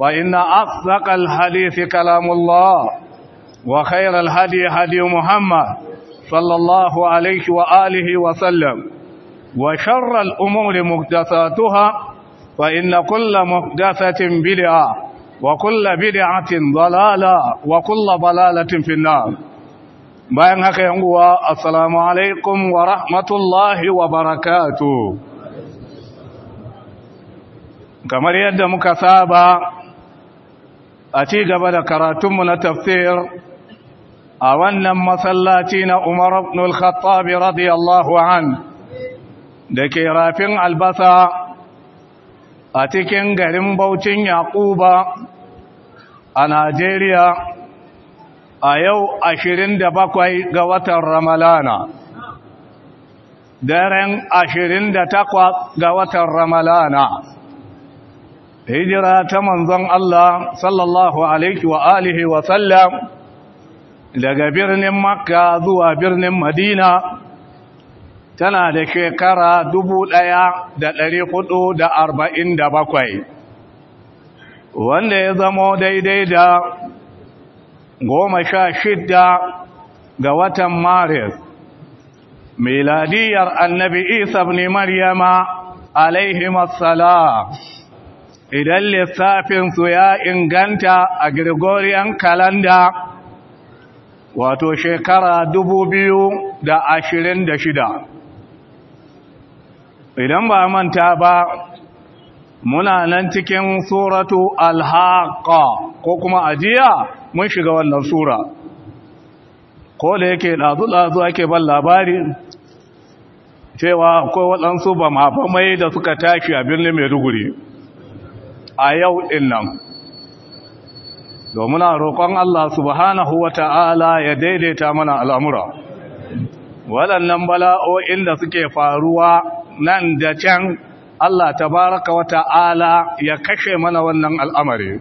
فإن أصدق الحديث كلام الله وخير الهدي هدي محمد صلى الله عليه وآله وسلم وشر الأمور مهدثاتها فإن كل مهدثة بدعة وكل بدعة ضلالة وكل ضلالة في النار bayan haka yan uwa assalamu alaikum wa rahmatullahi wa barakatuh kamar yadda muka saba a ci gaba da karatunmu na tafsir a wannan masallaci na Umar ibn al-Khattab radiyallahu an da ke rafin albasa a cikin garin Bauchin Yakuba a Najeriya a yau 27 ga watan Ramalana daren 28 ga watan Ramalana hijira ta manzon Allah sallallahu alaihi wa alihi wa sallam daga birnin makka zuwa birnin madina tana da shekara bakwai, wanda ya zamo daidai da goma sha shida ga watan maris miladiyar annabi isa ne maryama alaihimassala idan lissafinsu ya inganta a Gregorian kalanda wato shekara da ashirin da shida. idan ba manta ba muna nan cikin suratu alhaƙa ko kuma ajiya mun shiga wannan sura ko da yake ɗazu-ɗazu ake ban labari cewa akwai waɗansu ba mafamai da suka tashi a birnin duguri. a yau ɗin nan domin roƙon Allah subhanahu wa ta'ala ya daidaita mana al'amura waɗannan bala'o'in da suke faruwa nan da can Allah tabaraka wa ta'ala ya kashe mana wannan al'amari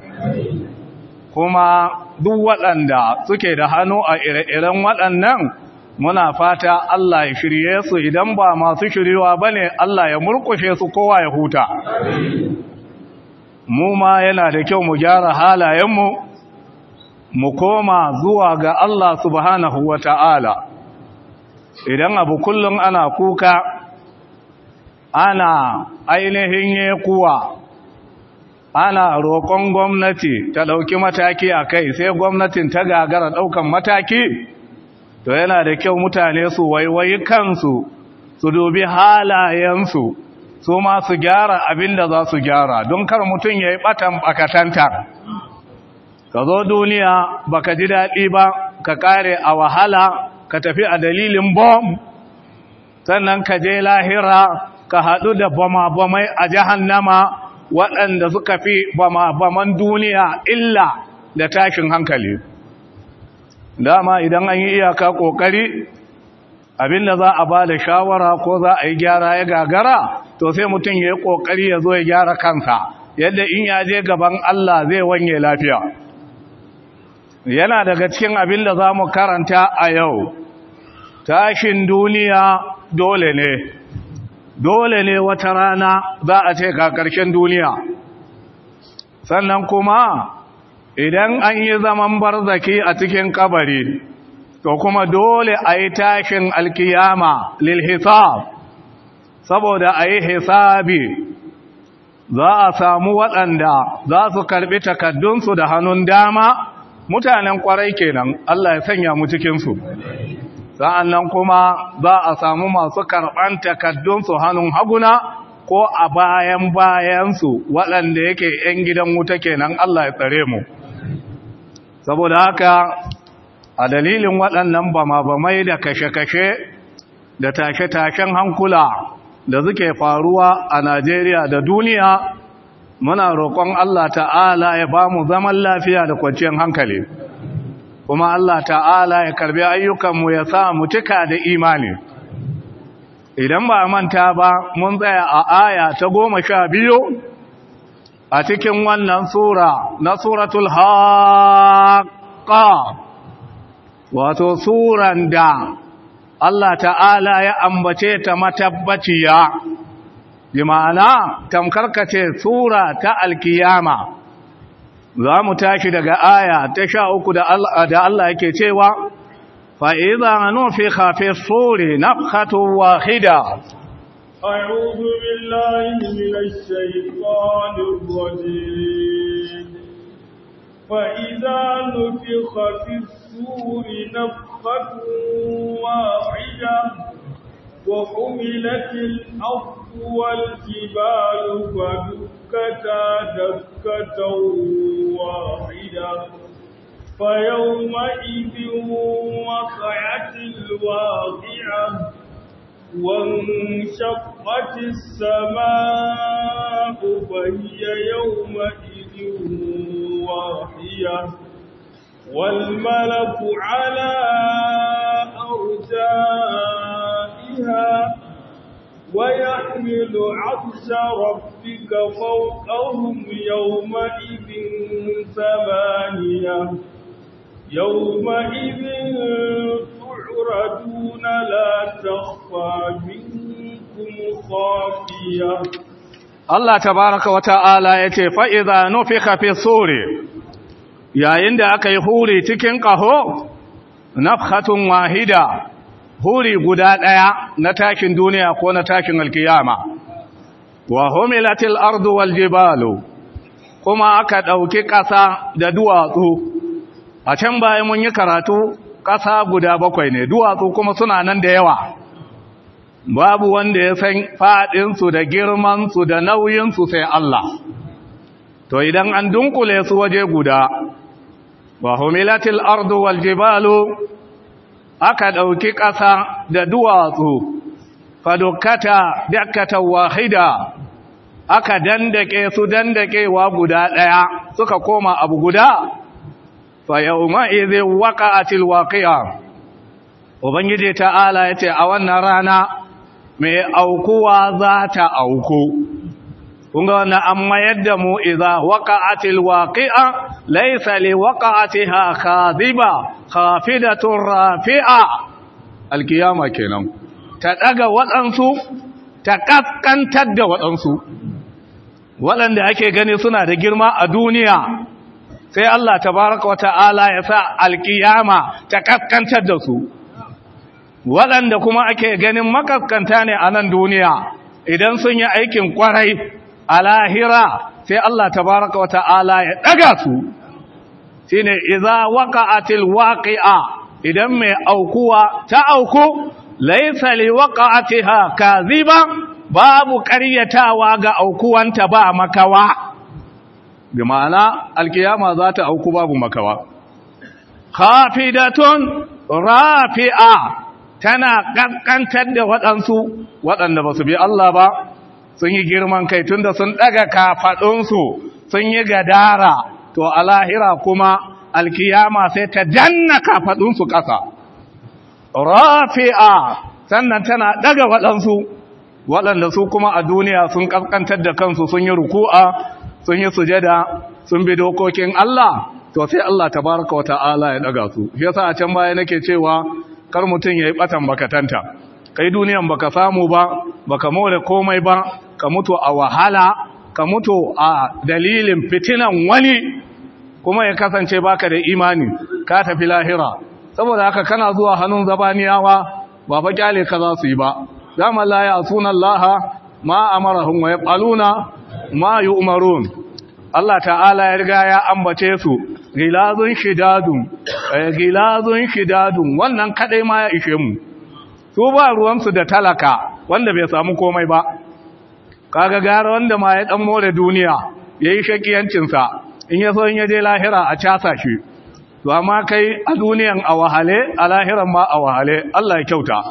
kuma duk waɗanda suke da hannu a ire-iren waɗannan muna fata Allah ya shirye su idan ba masu shiriwa ba ne Allah ya murkushe su kowa ya huta mu ma yana da kyau mu gyara halayenmu mu koma zuwa ga Allah subhanahu wa ta'ala idan abu kullum ana kuka ana ainihin yekuwa ana roƙon gwamnati ta ɗauki mataki a kai sai gwamnatin ta gagara ɗaukan mataki to yana da kyau mutane su waiwai kansu su dubi halayensu su ma su gyara abin da za su gyara don kar mutum ya yi ɓatan bakatanta ka zo duniya ba ka ji daɗi ba ka ƙare a wahala ka tafi a dalilin bom sannan ka je lahira ka haɗu da bama-bamai a jahannama waɗanda suka fi bama-baman duniya illa da tashin hankali dama idan an yi iyaka ƙoƙari abin da za a ba da shawara ko za a yi gyara ya gagara to sai mutum ya yi ƙoƙari ya zo ya gyara kansa yadda in ya je gaban Allah zai wanye lafiya yana daga cikin abin da za mu karanta a yau tashin duniya dole ne dole ne wata rana za a ce ka ƙarshen duniya sannan kuma idan an yi zaman barzaki a cikin kabari to kuma dole a yi tashin alkiyama hisab saboda a yi hisabi za a samu waɗanda za su karɓi takaddunsu da hannun dama mutanen ƙwarai kenan Allah ya sanya mu cikinsu sa'an kuma za a samu masu karɓan takaddunsu hannun haguna ko a bayan bayansu waɗanda yake ‘yan gidan wuta kenan Allah ya tsare mu saboda haka a dalilin waɗannan bama-bamai da kashe-kashe da tashe-tashen hankula da suke faruwa a Najeriya da duniya muna roƙon Allah ta'ala ya ba mu zaman lafiya da kwanciyar hankali kuma Allah ta'ala ya karbi ayyukanmu ya sa mu cika da imani idan ba manta ba mun tsaya a aya ta goma sha biyu a cikin wannan sura na suratul haƙa. wato suran da Allah ta'ala ya ambace ta matabbaciya bi ma'ana tamkar kace sura ta alkiyama za mu tashi daga aya ta sha uku da Allah yake cewa fa'iza nufi hafi suri na hatu wahida أعوذ بالله من الشيطان الرجيم فإذا نفخ في السور نفخة واحدة وحملت الأرض والجبال فدكتا دكة واحدة فيومئذ وقعت الواقعة وانشقت السماء فهي يومئذ واحية والملك على أرجائها ويحمل عرش ربك فوقهم يومئذ ثمانية يومئذ تعرضون لا تخفى منكم خافية الله تبارك وتعالى يتي فإذا نفخ في الصور yayin da aka yi huri cikin ƙaho nafhatun wahida huri guda ɗaya na takin duniya ko na takin alkiyama wa humilatil ardu wal kuma aka ɗauki ƙasa da duwatsu a can bayan mun yi karatu ƙasa guda bakwai ne duwatsu kuma suna nan da yawa babu wanda ya san faɗinsu da girmansu da nauyinsu sai Allah to idan an dunkule su waje guda wa humilatil ardu wal jibalu aka dauki ƙasa da duwatsu fadukata dakata wahida aka dandake su dandakewa guda daya suka koma abu guda fa yauma idhi waqa'atil waqi'a ubangiji ta'ala yace a wannan rana mai aukuwa za ta auku kun ga wannan an mayar da mu iza waqa'atil waqi'a laysa li waqa'atiha khadiba khafidatun rafi'a alkiyama kenan ta daga wadansu ta kaskantar da wadansu wadanda ake gani suna da girma a duniya sai Allah tabaraka wa ta'ala ya sa alkiyama ta kaskantar da su waɗanda kuma ake ganin makaskanta ne a nan duniya idan sun yi aikin kwarai a lahira sai Allah baraka wa ta'ala ya ɗaga su shine waka waqa'atil waqi'a idan mai aukuwa ta auku laysa liwaqa'atiha kadhiba babu ƙaryatawa ga aukuwanta ba makawa bi ma'ana alkiyama za ta auku babu makawa khafidatun rafi'a tana ƙanƙantar da waɗansu waɗanda ba su bi Allah ba sun yi girman kai tun da sun ɗaga kafadunsu sun yi gadara to a lahira kuma alkiyama sai ta danna kafadunsu ƙasa rafi'a sannan tana ɗaga waɗansu waɗanda su kuma a duniya sun ƙasƙantar da kansu sun yi ruku'a sun yi sujada sun bi dokokin Allah to sai Allah tabaraka wa ta'ala ya daga su yasa a can baya nake cewa kar mutum ya yi batan bakatanta kai duniyan baka samu ba baka more komai ba ka mutu a wahala ka mutu a dalilin fitinan wani kuma ya kasance baka da imani ka tafi lahira saboda haka kana zuwa hannun zabaniyawa ba fa kyale ka za su yi ba zaman la ya sunan laha ma amarahum wa yaqaluna ma yu'marun Allah ta'ala ya riga ya ambace su gilazun shidadun eh, gilazun shidadun wannan kadai ma ya ishe mu su ba ruwansu da talaka wanda bai samu komai ba kaga gara wanda ma ya dan more duniya yayi shakiyancinsa in ya so in ya je lahira a casa shi to amma kai a duniyan a wahale a lahiran ma a wahale Allah ya kyauta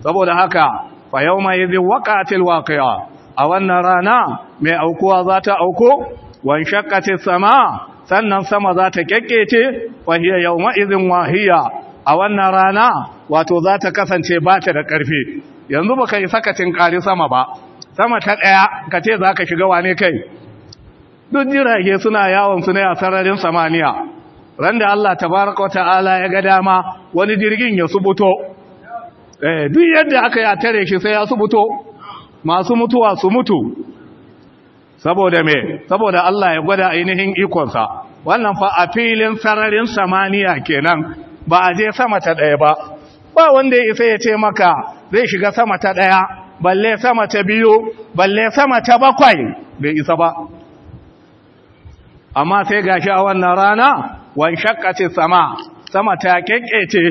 saboda haka fa yawma yadhi waqatil waqi'a a wannan rana mai aukuwa za ta auko wan shaqqati sama sannan sama za ta kekkece wa hiya yawma idhin wahiya a wannan rana wato za ta kasance ba ta da karfi yanzu baka yi sakacin kari sama ba sama ta ɗaya ka ce za ka shiga wane kai duk jirage suna yawon su ne a sararin samaniya Randa Allah tabaraka wa ta'ala ya ga dama wani jirgin ya subuto eh duk yadda aka ya tare shi sai ya subuto masu mutuwa su mutu saboda me saboda Allah ya gwada ainihin ikonsa wannan fa a filin sararin samaniya kenan ba a je sama ta ɗaya ba ba wanda ya isa ya ce maka zai shiga sama ta ɗaya balle sama ta biyu balle sama ta bakwai bai isa ba amma sai gashi a wannan rana wan shakkati sama sama ta kekkece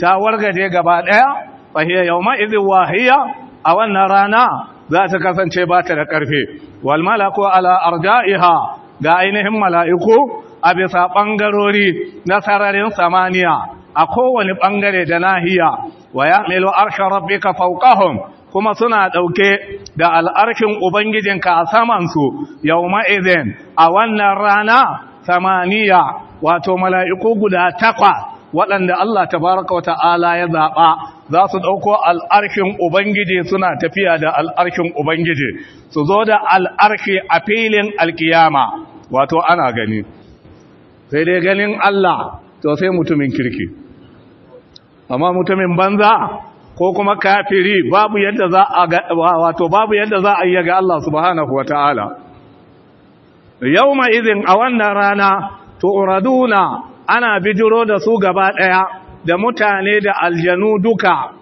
ta wargaje gaba daya fa hiya yawma idhin wahiya a wannan rana za ta kasance ba ta da karfi wal malaku ala arja'iha ga ainihin mala'iku a bisa ɓangarori, na sararin samaniya a kowane bangare da nahiya wa ya'milu arsha rabbika fawqahum kuma suna ɗauke da al'arkin ka a samansu yau ma'izin a wannan rana samaniya wato mala'iku guda takwa waɗanda Allah tabaraka wa ta'ala ya zaɓa za su ɗauko al'arkin Ubangiji suna tafiya da al'arkin Ubangiji su zo da al'arki a filin alkiyama wato ana gani sai dai ganin Allah to sai mutumin kirki amma mutumin banza ko kuma kafiri babu yadda za a ga wato babu yadda za a yi ga Allah subhanahu wataala yawma idhin a wannan rana tu'raduna ana bijiro da su gaba daya da mutane da aljanu duka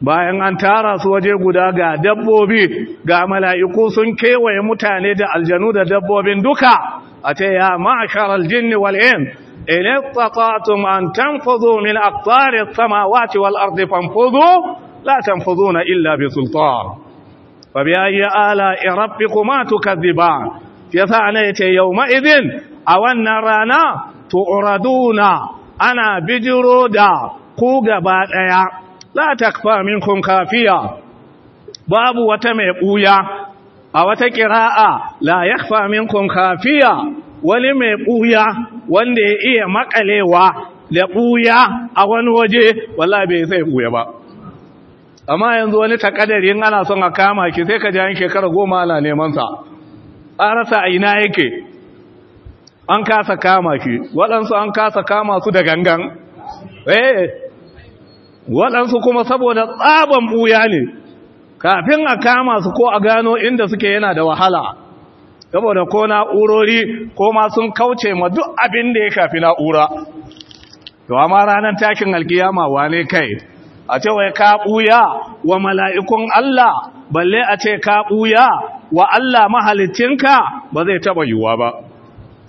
bayan an tara su waje guda ga dabbobi ga mala'iku sun kewaye mutane da aljanu da dabbobin duka a ya ya jinni wal wal'in إن استطعتم أن تنفذوا من أقطار السماوات والأرض فانفذوا لا تنفذون إلا بسلطان فبأي آلاء ربكما تكذبان ثانية يومئذ أو نرانا تعرضون أنا بجرودا قوغ بادئا لا تخفى منكم خافية باب وتمعقويا أو تكراء لا يخفى منكم خافية wani mai ɓuya wanda ya iya makalewa da ɓuya a wani waje wala bai sai ɓuya ba amma yanzu wani takadari yin ana son a kama ki sai ka ji an shekara goma ana neman sa an rasa a ina yake an kasa kama ki waɗansu an kasa kama su da gangan eh waɗansu kuma saboda tsaban ɓuya ne kafin a kama su ko a gano inda suke yana da wahala saboda ko na'urori ko ma sun kauce ma duk abin da ya kafi na'ura to amma ranar takin alkiyama wane kai a ce wai ka ɓuya wa mala'ikun Allah balle a ce ka ɓuya wa Allah mahalicinka ba zai taɓa yiwuwa ba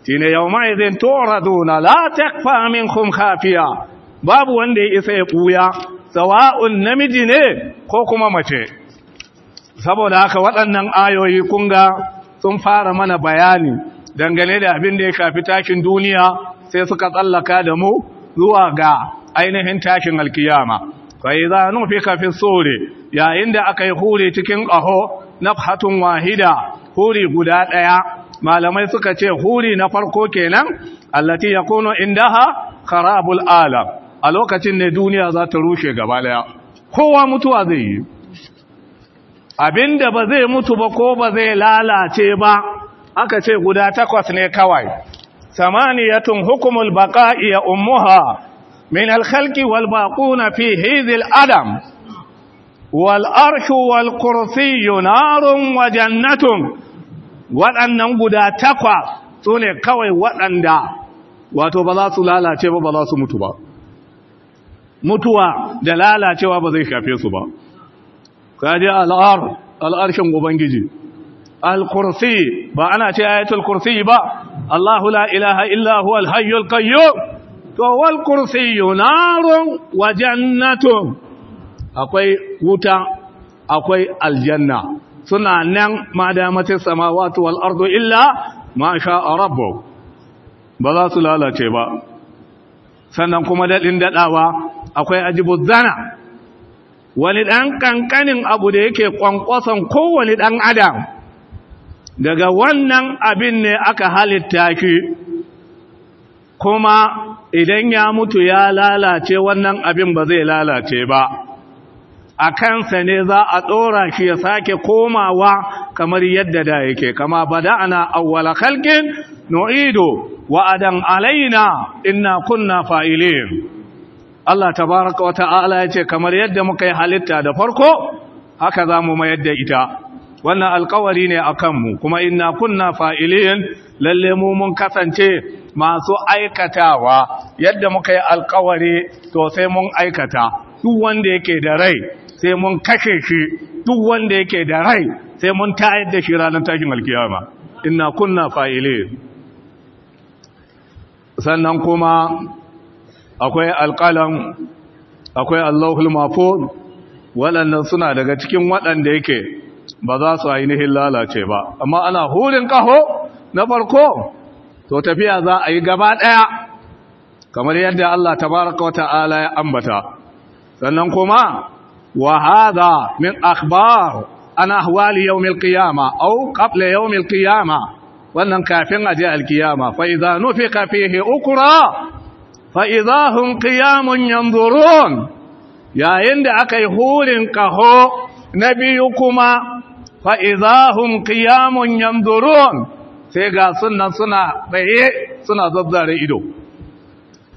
shi ne yau ma'izin toraduna la takfa minkum khafiya babu wanda ya isa ya ɓuya sawa'un namiji ne ko kuma mace saboda haka waɗannan ayoyi kunga sun fara mana bayani dangane da abin da ya shafi takin duniya sai suka tsallaka da mu zuwa ga ainihin takin alkiyama sai za nufi kafin sore yayin da aka yi huri cikin ƙaho na fatun wahida huri guda ɗaya malamai suka ce huri na farko kenan allati ya inda indaha kharabul alam a lokacin ne duniya za ta rushe gaba ɗaya kowa mutuwa zai yi abinda ba zai mutu ba ko ba zai lalace ba aka ce guda takwas ne kawai samaniyatun hukumul baqa'i ya ummuha min al-khalqi wal baquna fi hadhihi adam wal arshu wal kursiyyu narun wa jannatun waɗannan guda takwa su ne kawai wadanda. wato ba za su lalace ba ba za su mutu ba mutuwa da lalacewa ba zai shafe su ba kaji al'ar al'arshin ubangiji al-kursi ba ana ce ayatul kursi ba Allahu la ilaha illahu huwa al to wal kursi narun wa jannatun akwai wuta akwai aljanna suna nan ma da mace samawati wal illa ma sha rabbu ba za su lalace ba sannan kuma daɗin daɗawa akwai ajibuz zana wani ɗan ƙanƙanin abu da yake ƙwanƙwason kowane ɗan adam daga wannan abin ne aka halitta shi kuma idan ya mutu ya lalace wannan abin ba zai lalace ba a kansa ne za a ɗora shi ya sake komawa kamar yadda da yake kama ba da ana awwala halkin no'ido wa'adan alaina inna kunna fa'ilin Allah tabaraka wa ta'ala ya ce kamar yadda muka yi halitta da farko haka za mu mayar da ita wannan alkawari ne a kanmu kuma inna kunna fa'iliyin lalle mu mun kasance masu aikatawa yadda muka yi alkawari to sai mun aikata duk wanda yake da rai sai mun kashe shi duk wanda yake da rai sai mun tayar da shi ranar tashin alkiyama inna kunna fa'iliyin sannan kuma akwai alƙalam akwai allahul mafon waɗannan suna daga cikin waɗanda yake ba za su ainihin lalace ba amma ana hurin ƙaho na farko to tafiya za a yi gaba ɗaya kamar yadda allah tabaraka wa ta'ala ya ambata sannan kuma wa min akhbar an ahwali yawmil qiyama aw qabla yawmil qiyama wannan kafin aje alkiyama fa idza kafin fihi ukra fa'izahun ƙiyamun yanzurun yayin da aka yi hurin ƙaho na biyu kuma fa'izahun ƙiyamun yanzurun sai ga sunan suna tsaye suna zazzare ido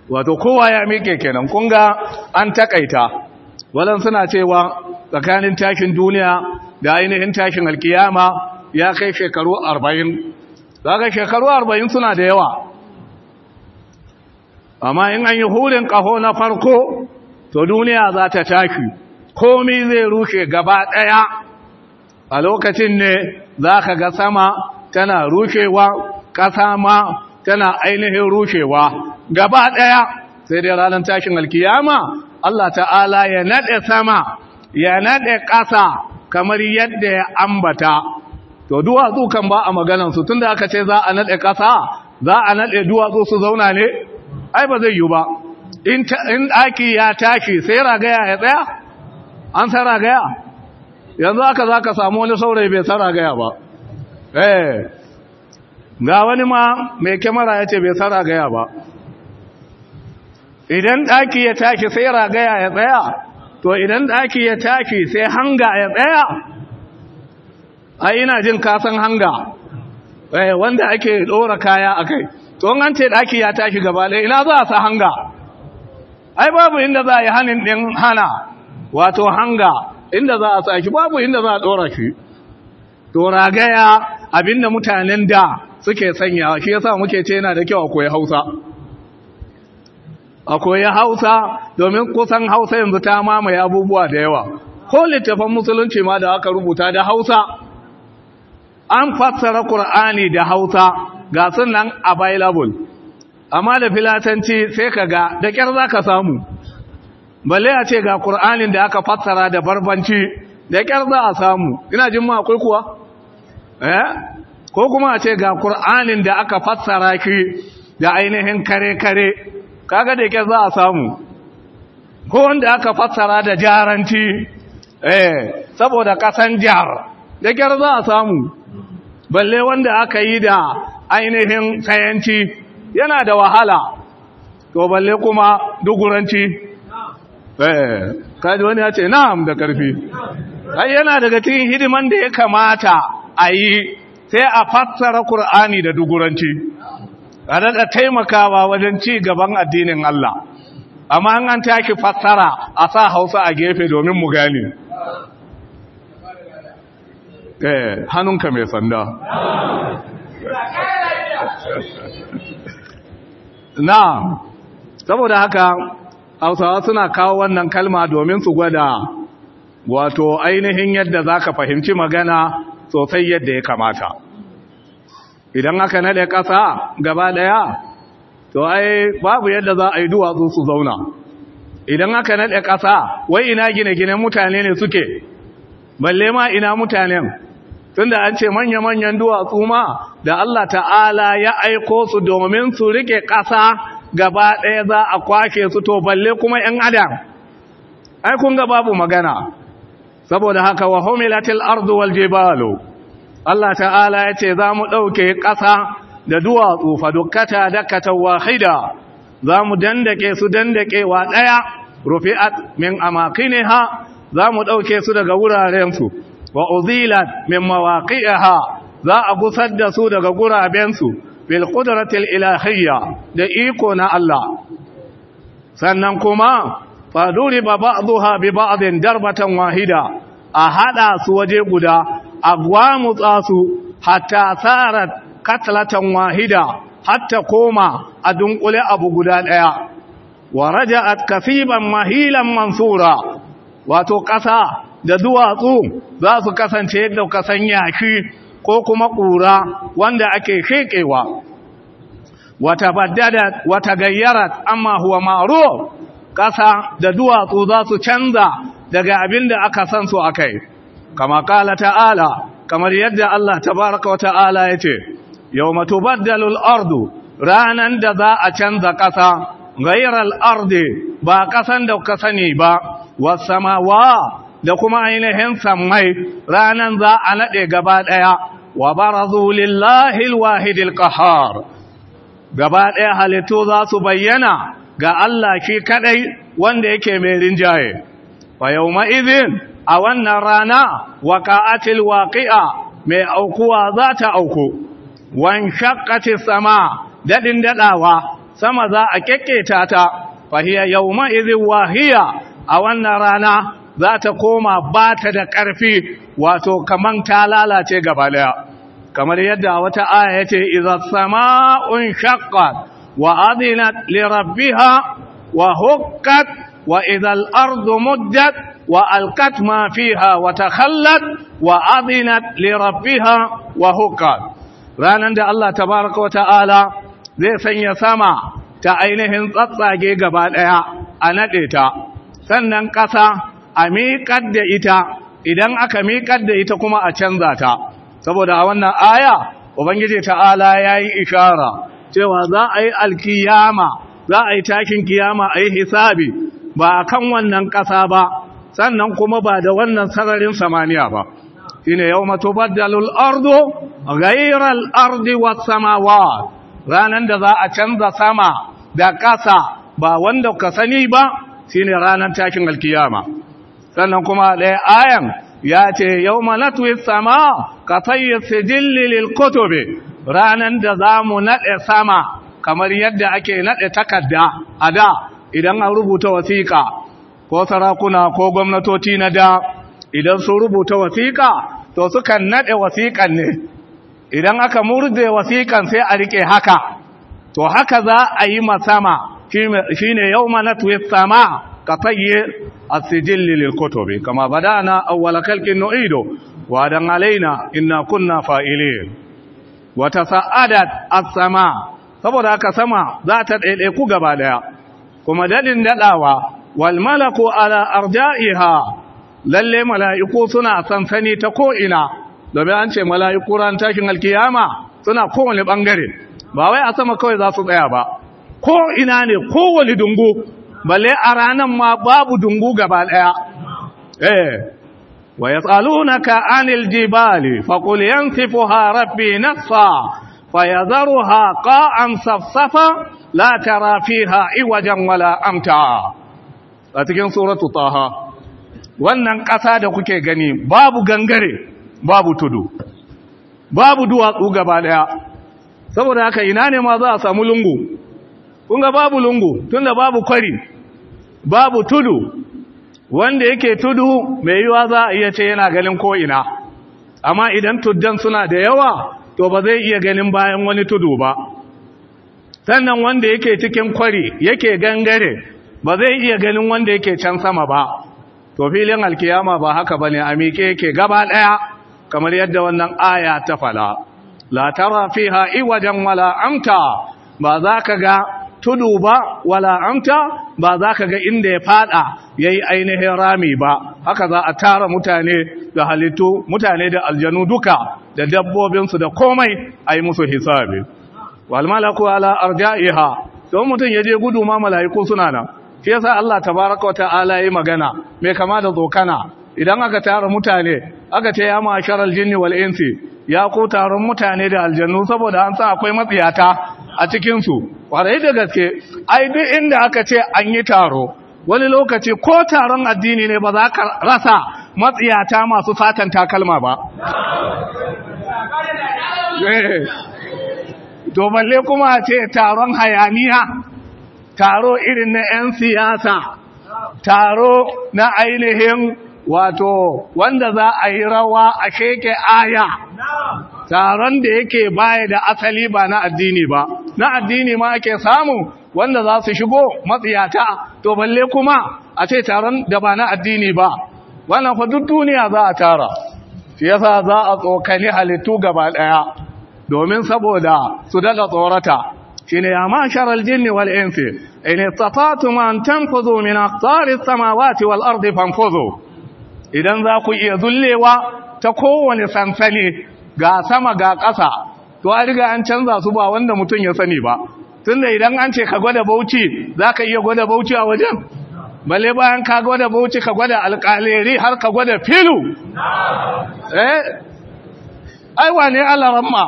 wato kowa ya miƙe kenan kunga an taƙaita walan suna cewa tsakanin tashin duniya da ainihin tashin alkiyama ya kai shekaru arba'in. daga shekaru arba'in suna da yawa amma in an yi hurin ƙaho na farko to duniya za ta tashi komi zai rushe gaba ɗaya a lokacin ne za ka ga sama tana rushewa ƙasa ma tana ainihin rushewa gaba ɗaya sai dai ranar tashin alkiyama Allah ta'ala ya naɗe sama ya naɗe ƙasa kamar yadda ya ambata to duwatsu kan ba a maganansu tun da aka ce za a naɗe ƙasa za a naɗe duwatsu su zauna ne ai ba zai yi ba in ɗaki ya tashi sai ragaya ya tsaya an sa ragaya yanzu aka za ka samu wani saurayi bai sa ragaya ba eh ga wani ma mai kyamara ya ce bai sa ragaya ba idan ɗaki ya tashi sai ragaya ya tsaya to idan ɗaki ya tashi sai hanga ya tsaya a ina jin kasan hanga eh, wanda ake ɗora kaya a kai to an ce daki ya tashi gaba ɗaya ina za a sa hanga ai babu inda za yi hanin ɗin hana wato hanga inda za a sa shi babu inda za a ɗora shi to ragaya abinda mutanen da suke sanya shi yasa muke ce yana da kyau a koyi hausa a koyi hausa domin kusan hausa yanzu ta mamaye abubuwa da yawa ko littafin musulunci ma da aka rubuta da hausa an fassara ƙur'ani da hausa ga sunan available amma da filatanci sai ka ga da kyar za ka samu balle a ce ga ƙur'anin da aka fassara da barbanci da kyar za a samu ina jin ma akwai kuwa eh ko kuma a ce ga ƙur'anin da aka fassara ki da ainihin kare-kare kaga da kyar za a samu ko wanda aka fassara da jaranci eh saboda kasan jar da kyar za a samu balle wanda aka yi da ainihin sayanci yana da wahala to balle kuma duguranci eh kaji wani ya ce na'am da karfi ai yana daga cikin hidiman da ya kamata a yi sai a fassara Kur'ani da duguranci a daga taimakawa wajen ci gaban addinin Allah amma an taki fassara a sa hausa a gefe domin mu gane eh hannunka mai sanda na saboda haka hausawa suna kawo wannan kalma domin su gwada wato ainihin yadda za ka fahimci magana sosai yadda ya kamata idan aka naɗe ƙasa gaba ɗaya to ai babu yadda za a yi duwatsu su zauna idan aka naɗe ƙasa wai ina gine-ginen mutane ne suke balle ma ina mutanen tunda an ce manya-manyan duwatsu ma da Allah ta'ala ya aiko su domin su rike ƙasa gaba ɗaya za a kwake su to balle kuma ‘yan adam ai kun ga babu magana saboda haka wa humilatil ardu wal jibalu Allah ta'ala ya ce za mu ɗauke ƙasa da duwatsu fadukata dakatan wahida za mu dandake su wa ɗaya rufi'at min amakiniha za mu ɗauke su daga wurarensu wa uzilat min mawaqi'iha za a gusar da su daga gurabensu bil qudratil ilahiyya da iko na Allah sannan kuma fa duriba ba'daha bi ba'din darbatan wahida a haɗa su waje guda a gwamutsa su hatta sarat katlatan wahida hatta koma a dunkule abu guda daya wa raja'at kasiban mahilan mansura wato ƙasa da duwatsu za su kasance yadda kasan yaki ko kuma ƙura wanda ake shiƙewa wata baddada wata gayyara, amma huwa ma'ruf ƙasa da duwatsu za su canza daga abin da aka san su kai. kama kala ta'ala kamar yadda Allah tabaraka wata'ala yace yawma tubaddalu al-ardu ranan da za a canza ƙasa gairar ardi ba ƙasan da kasani sani ba was samawa da kuma ainihin samai ranan za a naɗe gaba ɗaya wa barazu lillahi alwahid alqahar gaba ɗaya halittu za su bayyana ga Allah shi kadai wanda yake mai rinjaye fa yawma idhin a wannan rana waqa'atil waqi'a mai aukuwa za ta auku wan shaqqati sama dadin dadawa sama za a kekketa ta fa hiya yawma idhin wahiya a wannan rana za ta koma ba ta da ƙarfi wato kaman ta lalace gaba daya kamar yadda wata aya yace idza sama'un shaqqat wa adinat li wa hukkat wa idza al-ardu muddat wa alqat ma fiha wa takhallat wa adinat lirabbiha wa hukkat Ranar da Allah tabaaraka wa ta'ala zai sanya sama ta ainihin tsatsage gaba daya a nade ta sannan ƙasa a miƙar da ita idan aka miƙar da ita kuma a canza ta saboda a wannan aya ubangiji ta'ala ya yi ishara cewa za a yi alkiyama za a yi takin kiyama a yi hisabi ba a kan wannan ƙasa ba sannan kuma ba da wannan sararin samaniya ba shine yau matubaddalul ardu ghairal ardi was samawa ranan da za a canza sama da ƙasa ba wanda ka sani ba shine ranan takin alkiyama sannan kuma ɗaya ayan ya ce yau manatwi sama ka fayi sijilli lil kotobe. Ranar da za mu naɗe sama kamar yadda ake naɗe takarda a da idan an rubuta wasiƙa ko sarakuna ko gwamnatoci na da idan sun rubuta wasiƙa to sukan naɗe wasiƙan ne idan aka murde wasiƙan sai a riƙe haka to haka za a yi masama shi ne yau manatwi sama كطي السجل للكتب كما بدأنا Wa dan نعيد وعدا kunna إنا كنا فائلين وتساءدت sama saboda aka sama za ta ku gaba ɗaya kuma daɗin daɗawa wal malaku ala arja'iha lalle mala'iku suna sansani ta ko'ina domin an ce mala'iku ran tashin alkiyama suna kowane ɓangare ba wai a sama kawai za su tsaya ba Ko'ina ina ne kowane dungu balle a ranan ma babu dungu gaba daya eh wa yasalunaka anil jibali qul yansifuha rabbi nasfa fayadharuha qa'an safsafa la tara fiha iwajan wala amta a cikin suratu taha wannan ƙasa da kuke gani babu gangare babu tudu babu duwatsu gaba daya saboda haka ina ne ma za a samu lungu Kunga babu lungu tunda babu kwari babu tudu wanda yake tudu mai yiwa za a iya ce yana ganin ko'ina amma idan tuddan suna da yawa to ba zai iya ganin bayan wani tudu ba sannan wanda yake cikin kwari yake gangare ba zai iya ganin wanda yake can sama ba to filin alkiyama ba haka ba ne a miƙe yake gaba ɗaya kamar yadda wannan aya ta fala la tara fiha iwajan wala amta ba za ka ga tudu ba wala amta ba za ka ga inda ya fada ya yi ainihin rami ba haka za a tara mutane da halittu mutane da aljanu duka da dabbobinsu da komai a yi musu hisabi walmalaku ala arja'iha don mutum ya je gudu ma mala'iku suna nan fiye sa Allah tabaraka wa ya yi magana mai kama da tsokana idan aka tara mutane aka ce ya ma'ashar aljinni wal'insi ya ku taron mutane da aljannu saboda an sa akwai matsiyata a cikinsu su yi da gaske ai in inda aka ce an yi taro wani lokaci ko taron addini ne ba za ka rasa matsiyata masu fatan takalma ba eh. to balle kuma ce taron hayaniya taro irin na 'yan siyasa taro na ainihin wato wanda za a yi rawa a sheke aya taron da yake baya da asali ba na addini ba na addini ma ake samu wanda za su shigo matsiyata to balle kuma a ce taron da ba na addini ba wannan fa duk duniya za a tara shi yasa za a tsokani halittu gaba daya domin saboda su daga tsorata shine ya mashar aljinni wal insi in istata'tum an tanfuzu min aqtari samawati wal ardi fanfuzu idan za ku iya zullewa ta kowane sansani ga sama ga ƙasa to a riga an canza su ba wanda mutum ya sani ba tun da idan an ce ka gwada bauchi za ka iya gwada bauchi a wajen balle bayan ka gwada bauchi ka gwada alƙaleri har ka gwada filu eh aiwa ne alaramma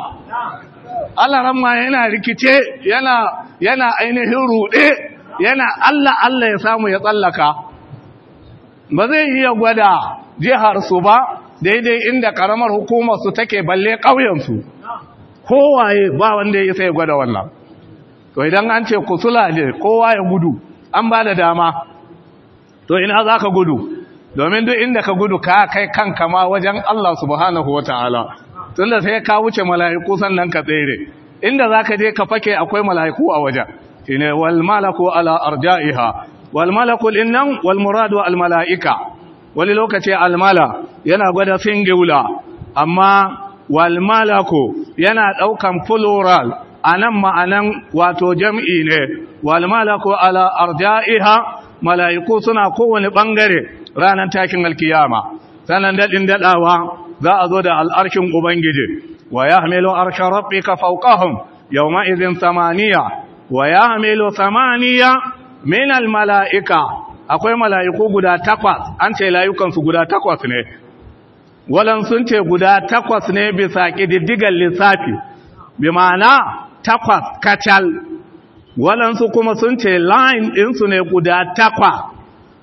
alaramma yana rikice yana yana ainihin rude, yana allah allah ya samu ya tsallaka ba zai iya gwada jiharsu ba daidai inda karamar hukumarsu take balle ƙauyensu kowaye ba wanda ya sai gwada wannan to idan an ce ku sulale kowa ya gudu an ba da dama to ina za ka gudu domin duk inda ka gudu ka kai kanka ma wajen Allah subhanahu wa ta'ala tunda sai ka wuce mala'iku sannan ka tsere inda za ka je ka fake akwai mala'iku a wajen shine wal malaku ala arja'iha Walmalaku, malakul innan wal almala'ika, wani lokaci almala yana gwada singula, amma walmalaku yana ɗaukan plural anan ma'anan wato jam'i ne wal malaku ala arja'iha malaiku suna kowane ɓangare, ranar takin alkiyama sanan daɗin daɗawa za a zo da al'arshin ubangiji wa arshen arsha rabbika yau yawma idhin samaniya wa yahmilu samaniya minal mala'ika akwai mala'iku guda takwas an ce layukansu guda takwas ne walan sun ce guda takwas ne bisa ƙididdigar lissafi bi ma'ana takwas kacal walansu kuma sun ce line ɗinsu ne guda takwas,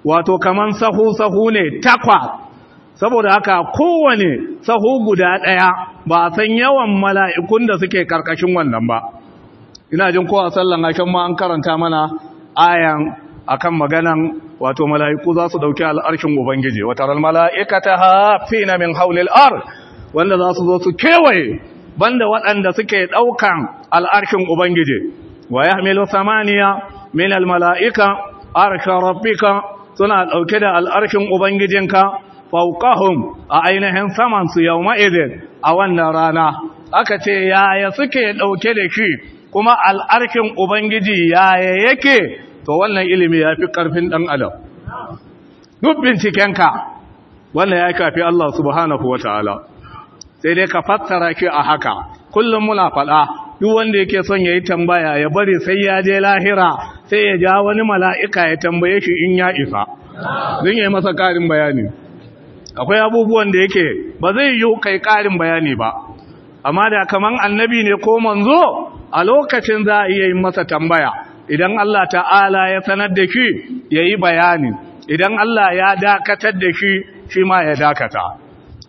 wato kamar sahu-sahu ne takwa saboda haka kowane sahu guda ɗaya ba san yawan mala'ikun da suke ƙarƙashin wannan ba ina jin kowa sallan ashen ma an karanta mana ayan akan maganan wato mala'iku za su dauki al'arshin ubangiji wa taral mala'ikata hafina min hawlil ar wanda za su zo su kewaye banda waɗanda suke daukan al'arshin ubangiji wa yahmilu samaniya min al mala'ika arsha rabbika suna dauke da al'arshin ubangijinka fauqahum a ainihin saman su yawma idin a wannan rana aka ce yaya suke dauke da shi kuma al'arshin ubangiji yaya yake to wannan ilimi ya fi ƙarfin ɗan adam duk bincikenka wannan ya kafi Allah subhanahu wa ta'ala sai dai ka fassara ki a haka kullum muna faɗa duk wanda yake son ya yi tambaya ya bari sai ya je lahira sai ya ja wani mala'ika ya tambaye shi in ya isa zan yi masa ƙarin bayani akwai abubuwan da yake ba zai yi kai ƙarin bayani ba amma da kaman annabi ne ko manzo a lokacin za a iya yi masa tambaya idan Allah ta'ala ya sanar da shi ya yi bayani idan Allah ya dakatar da shi shi ma ya dakata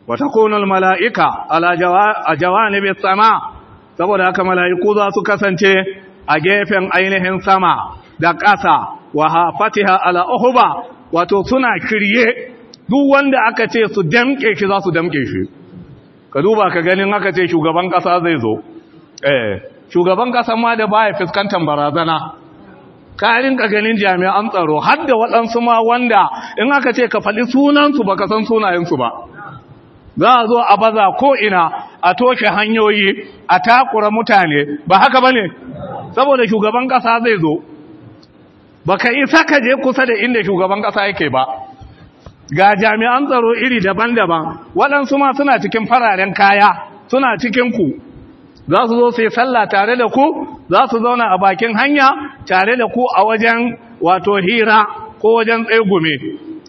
wata konar mala'ika a bai sama saboda haka mala'iku za su kasance a gefen ainihin sama da ƙasa wa hafatiha ala wato suna kirye duk wanda aka ce su damke shi za su damke shi ka duba ka ganin aka ce shugaban ƙasa zai zo eh, shugaban ƙasa ma da baya fuskantar barazana ka rinka ganin jami'an tsaro har da waɗansu ma wanda in aka ce ka faɗi sunansu ba ka san sunayensu ba za a zo a baza ko'ina a toshe hanyoyi a takura mutane ba haka ba ne saboda shugaban ƙasa zai zo ba ka isa ka je kusa da inda shugaban ƙasa yake ba ga jami'an tsaro iri daban-daban waɗansu ma suna cikin fararen kaya suna cikin ku za su zo su yi sallah tare da ku za su zauna a bakin hanya tare da ku a wajen wato hira ko wajen tsegume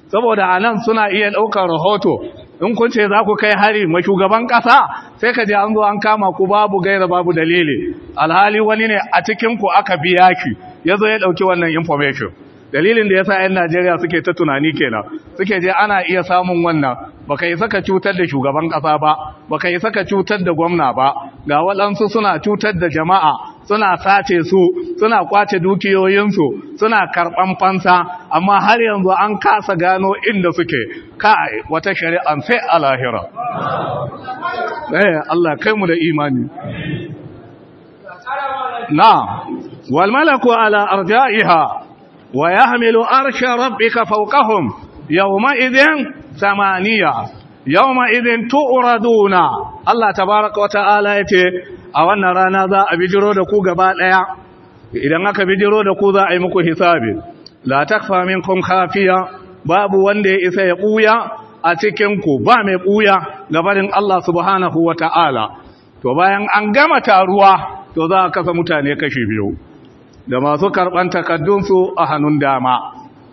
saboda a nan suna iya ɗaukar rahoto in kun ce za ku kai hari ma shugaban ƙasa sai ka je an zo an kama ku babu gaira babu dalili alhali wani ne a cikinku aka biya ki ya zo ya ɗauki wannan information dalilin da yasa 'yan Najeriya suke ta tunani kenan suke je ana iya samun wannan baka yi saka cutar da shugaban ƙasa ba baka yi saka cutar da gwamna ba ga waɗansu suna cutar da jama'a suna sace su suna kwace dukiyoyinsu suna karɓan fansa amma har yanzu an kasa gano inda suke kai wata shari'an sai a lahira eh Allah kai mu da imani na wal malaku ala arja'iha ويحمل أرش ربك فوقهم يومئذ ثمانية يومئذ تؤردون الله تبارك وتعالى يتي أولنا رانا ذا أبجرو دكو قبال أيا إذن أكا بجرو دكو ذا أيمكو حساب لا تخفى منكم خافية باب وندي إذا يقويا أتكنكو بام يقويا لبالن الله سبحانه وتعالى to bayan an gama taruwa to za a kasa mutane kashi biyu da masu takardun takaddunsu a hannun dama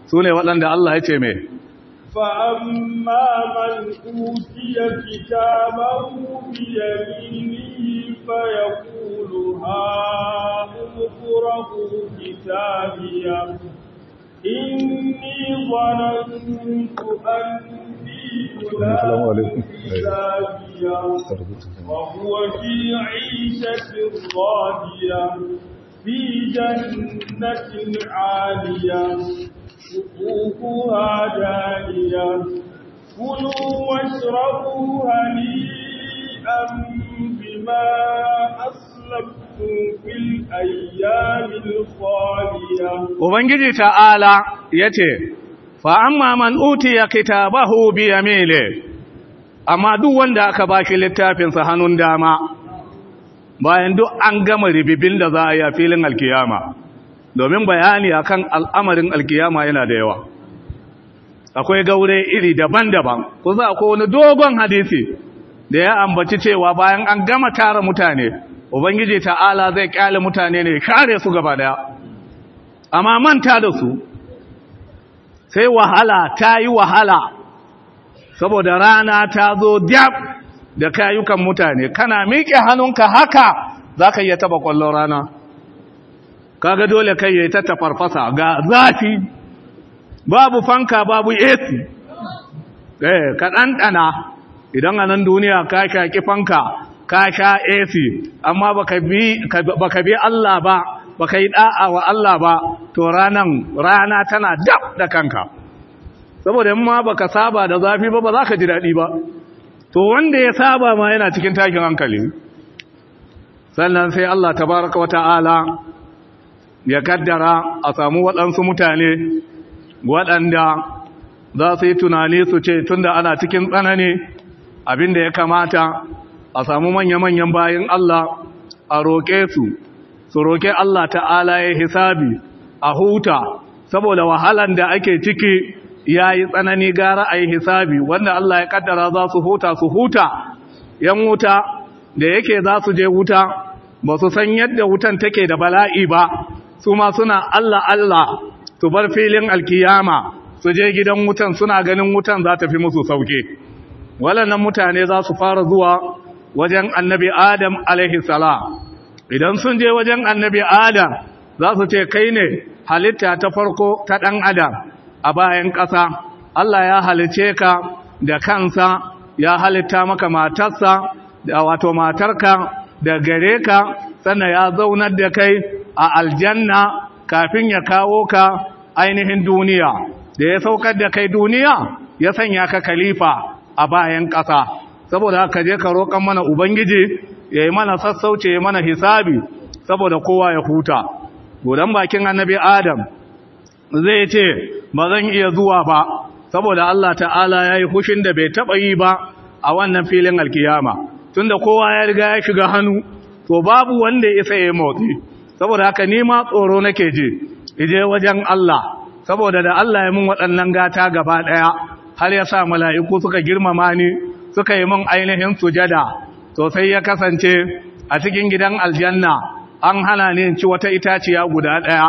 su ne waɗanda Allah ya ce mai fa’amma mai kuti ya fi kamaru biya mini fa ya kulu ha mukuraku kita biya inni wanan kuɗan Assalamu alaikum. Wa huwa fi 'ayshati radiyah. في جنة عالية شقوقها دانية كنوا واشربوا هنيئا بما أسلفتم في الأيام الخالية وبنجي تعالى يتي فأما من أوتي كتابه بيميله أما دو وندا كباكي للتافن سهنون داما bayan duk an gama ribibin da za a yi a filin alkiyama domin bayani a kan al'amarin alkiyama yana da yawa akwai gaure iri daban-daban ku za ko wani dogon hadisi da ya ambaci cewa bayan an gama tara mutane ubangiji ta'ala zai kyale mutane ne kare su gaba daya amma manta da su sai wahala ta yi wahala saboda rana ta zo da kayukan mutane kana miƙe hannunka haka za ka iya taba ƙwallon rana kaga dole kai ya yi ta tafarfasa ga zafi babu fanka babu ac eh ka ɗanɗana idan a nan duniya ka shaƙi fanka ka sha ac amma ba ka bi Allah ba ba ka yi ɗa'awa wa Allah ba to ranan rana tana dab da kanka saboda in ba ka saba da zafi ba ba za ka ji daɗi ba to wanda ya saba ma yana cikin takin hankali sannan sai Allah tabaraka wata'ala ya kaddara a samu waɗansu mutane waɗanda za su yi tunani su ce tunda ana cikin tsanani abinda ya kamata a samu manya-manyan bayan Allah a roƙe su su roƙe Allah ta'ala ya hisabi a huta saboda wahalan da ake ciki ya yi tsanani gara a yi hisabi wanda Allah ya kaddara za su huta su huta yan wuta da yake za su je wuta ba su san yadda wutan take da bala'i ba su ma suna Allah Allah su bar filin alkiyama su je gidan wutan suna ganin wutan za ta fi musu sauke waɗannan mutane za su fara zuwa wajen annabi adam alaihi sala, idan sun je wajen annabi adam za su ce kai ne halitta ta farko ta ɗan adam a bayan ƙasa Allah ya halice ka da kansa ya halitta maka matarsa da wato matarka da gare ka sannan ya zaunar da kai a aljanna kafin ya kawo ka ainihin duniya da ya saukar da kai duniya ya sanya ka kalifa a bayan ƙasa saboda ka je ka roƙon mana ubangiji ya yi mana sassauce ya mana hisabi saboda kowa ya huta godan bakin annabi adam zai ce ba zan iya zuwa ba saboda Allah ta'ala ya yi hushin da bai taɓa yi ba a wannan filin alkiyama tunda kowa ya riga ya shiga hannu to babu wanda ya ya motsi saboda haka ni ma tsoro nake je ije wajen Allah saboda da Allah ya mun waɗannan gata gaba ɗaya har ya sa mala'iku suka girmama ni suka yi mun ainihin sujada to sai ya kasance a cikin gidan aljanna an hana ni ci wata itaciya guda ɗaya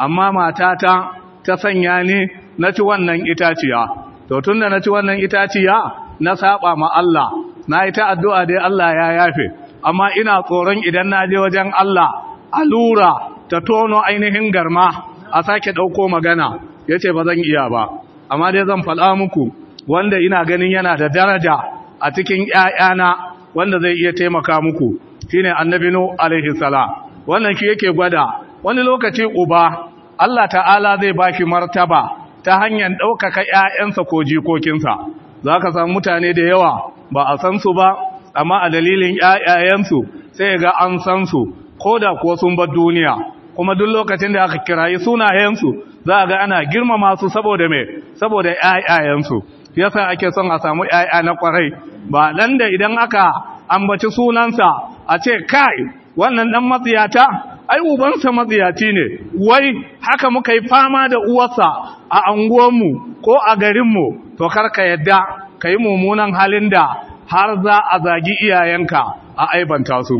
amma matata ta sanya ni na ci wannan itaciya to tun da na ci wannan itaciya na saba ma Allah na yi ta addu'a dai Allah ya yafe amma ina tsoron idan na je wajen Allah alura ta tono ainihin garma a sake ɗauko magana ya ce ba zan iya ba amma dai zan faɗa muku wanda ina ganin yana da daraja a cikin ‘ya'yana wanda zai iya taimaka muku shine annabi nu alaihi Sala, wannan shi yake gwada wani lokaci uba Allah ta'ala zai ba shi martaba ta hanyar ɗaukaka ‘ya'yansa ko jikokinsa za ka samu mutane da yawa ba a san su ba amma a dalilin ‘ya'yayensu sai ga an san su ko da kuwa sun bar duniya kuma duk lokacin da aka kirayi sunayensu za a ga ana girmama su saboda me saboda ƴaƴayensu yasa ake son a samu ƴaƴa na kwarai ba dan da idan aka ambaci sunansa a ce kai wannan dan matsiyata ai ubansa matsiyaci ne wai haka muka yi fama da uwarsa a anguwanmu ko a garinmu to kar ka yadda ka yi mummunan halin da har za a zagi iyayenka a aibanta su